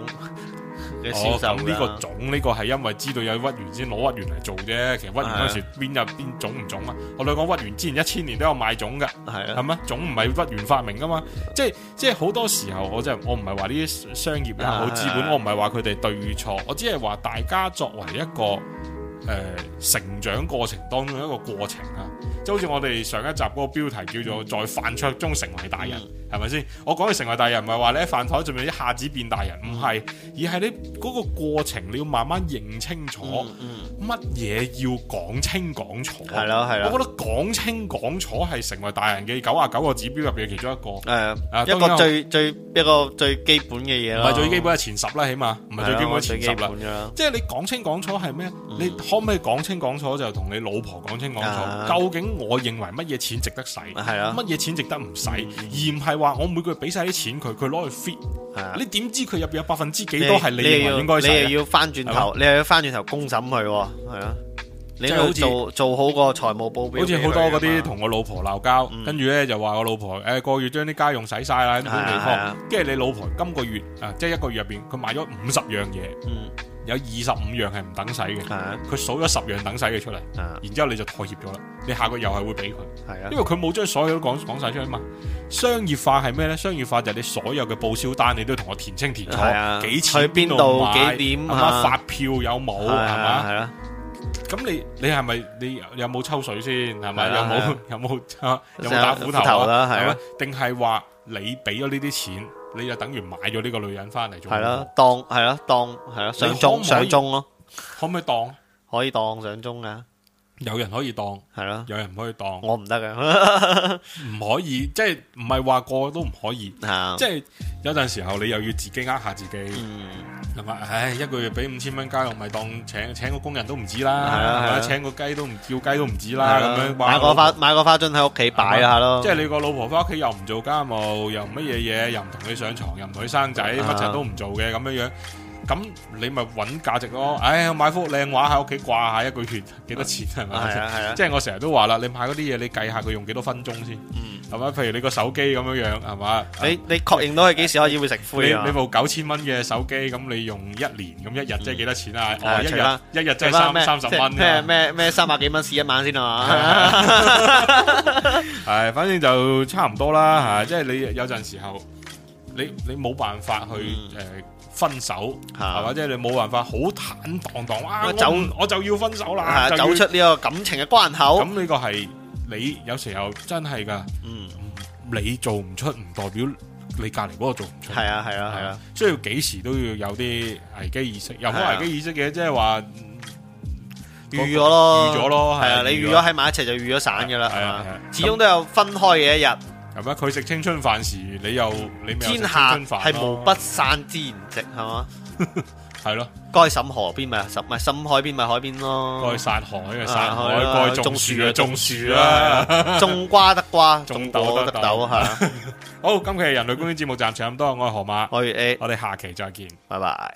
嘅事實。呢個種呢、啊、個係因為知道有屈原先攞屈原嚟做啫。其實屈原嗰時邊有邊種唔種啊？我兩個屈原之前一千年都有賣種㗎，係啊，係咩？種唔係屈原發明噶嘛？即係即係好多時候我真係我唔係話呢啲商業又好資本，啊、我唔係話佢哋對錯，我只係話大家作為一個。誒、呃、成長過程當中一個過程啊，即好似我哋上一集嗰個標題叫做《在飯桌中成為大人》。嗯係咪先？我講佢成為大人，唔係話你喺飯台仲咪一下子變大人，唔係，而係你嗰個過程，你要慢慢認清楚，乜嘢要講清講楚。係咯係咯，我覺得講清講楚係成為大人嘅九啊九個指標入邊嘅其中一個。誒，一個最最一個最基本嘅嘢啦。唔係最基本係前十啦，起碼唔係最基本嘅前十啦。即係你講清講楚係咩？你可唔可以講清講楚，就同你老婆講清講楚，究竟我認為乜嘢錢值得使？係啊。乜嘢錢值得唔使？而唔係。話我每個月俾晒啲錢佢，佢攞去 fit。係啊，你點知佢入邊有百分之幾多係你唔應該使，你又要翻轉頭，吧你又要翻轉頭公審佢。係啊，就好似你係做做好個財務報表，好似好多嗰啲同我老婆鬧交，跟住咧就話我老婆誒，呃、個月將啲家用使晒啦，咁、嗯、好健康。跟住、啊啊、你老婆今個月啊，即、呃、係、就是、一個月入邊，佢買咗五十樣嘢。嗯有二十五樣係唔等使嘅，佢數咗十樣等使嘅出嚟，然之後你就妥協咗啦。你下個又係會俾佢，因為佢冇將所有都講講晒出嚟啊嘛。商業化係咩咧？商業化就係你所有嘅報銷單，你都同我填清填楚，幾錢邊度買，幾點，發票有冇，係嘛？咁你你係咪你有冇抽水先？係咪有冇有冇啊？有打斧頭啊？係咪？定係話你俾咗呢啲錢？你就等於買咗呢個女人翻嚟做，係咯，當係咯、啊，當係咯、啊，上中，可可上中、啊，咯，可唔可以當？可以當上中噶、啊。有人可以當係咯，有人唔可以當，我唔得嘅，唔可以，即係唔係話過都唔可以，即係有陣時候你又要自己呃下自己，係嘛？唉，一個月俾五千蚊家用咪當請，請個工人都唔止啦，或者請個雞都唔叫雞都唔止啦，咁樣買個花，買個花樽喺屋企擺下咯，即係你個老婆翻屋企又唔做家務，又乜嘢嘢，又唔同你上床，又唔同佢生仔，乜柒都唔做嘅咁樣樣。咁你咪揾價值咯！唉，買幅靚畫喺屋企掛下一個月幾多錢係嘛？即係我成日都話啦，你買嗰啲嘢，你計下佢用幾多分鐘先，係咪？譬如你個手機咁樣樣係嘛？你你確認到佢幾時開始會食灰？你部九千蚊嘅手機咁，你用一年咁一日即係幾多錢啊？一日一日即係三三十蚊，咩咩三百幾蚊試一晚先啊？係，反正就差唔多啦嚇，即係你有陣時候你你冇辦法去誒。分手係嘛？或者你冇辦法好坦蕩蕩，哇！走我就要分手啦，走出呢個感情嘅關口。咁呢個係你有時候真係噶，嗯，你做唔出，唔代表你隔籬嗰個做唔出。係啊，係啊，係啊，所以要幾時都要有啲危機意識，又冇危機意識嘅，即係話預咗咯，預咗咯，係啊，你預咗喺埋一齊就預咗散噶啦，係啊，始終都有分開嘅一日。係咪佢食青春飯時，你又你天下係無不散之筵席，係嘛？係咯。該審河邊咪審咪審海邊咪海邊咯。該散海啊散海，該種樹啊種樹啦。種瓜得瓜，種豆得豆吓。好，今期人類公園節目暫時咁多，我係河馬，我係 A，我哋下期再見，拜拜。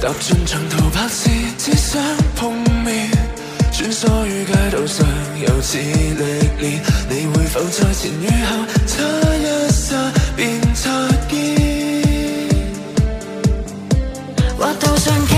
踏進長途跋涉，只想碰面。穿梭於街道上，又似歷練。你會否在前與後，差一剎便擦肩？畫到相。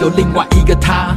有另外一個他。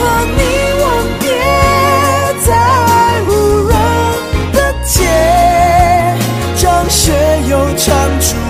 和你吻別在無人的街，張學友唱出。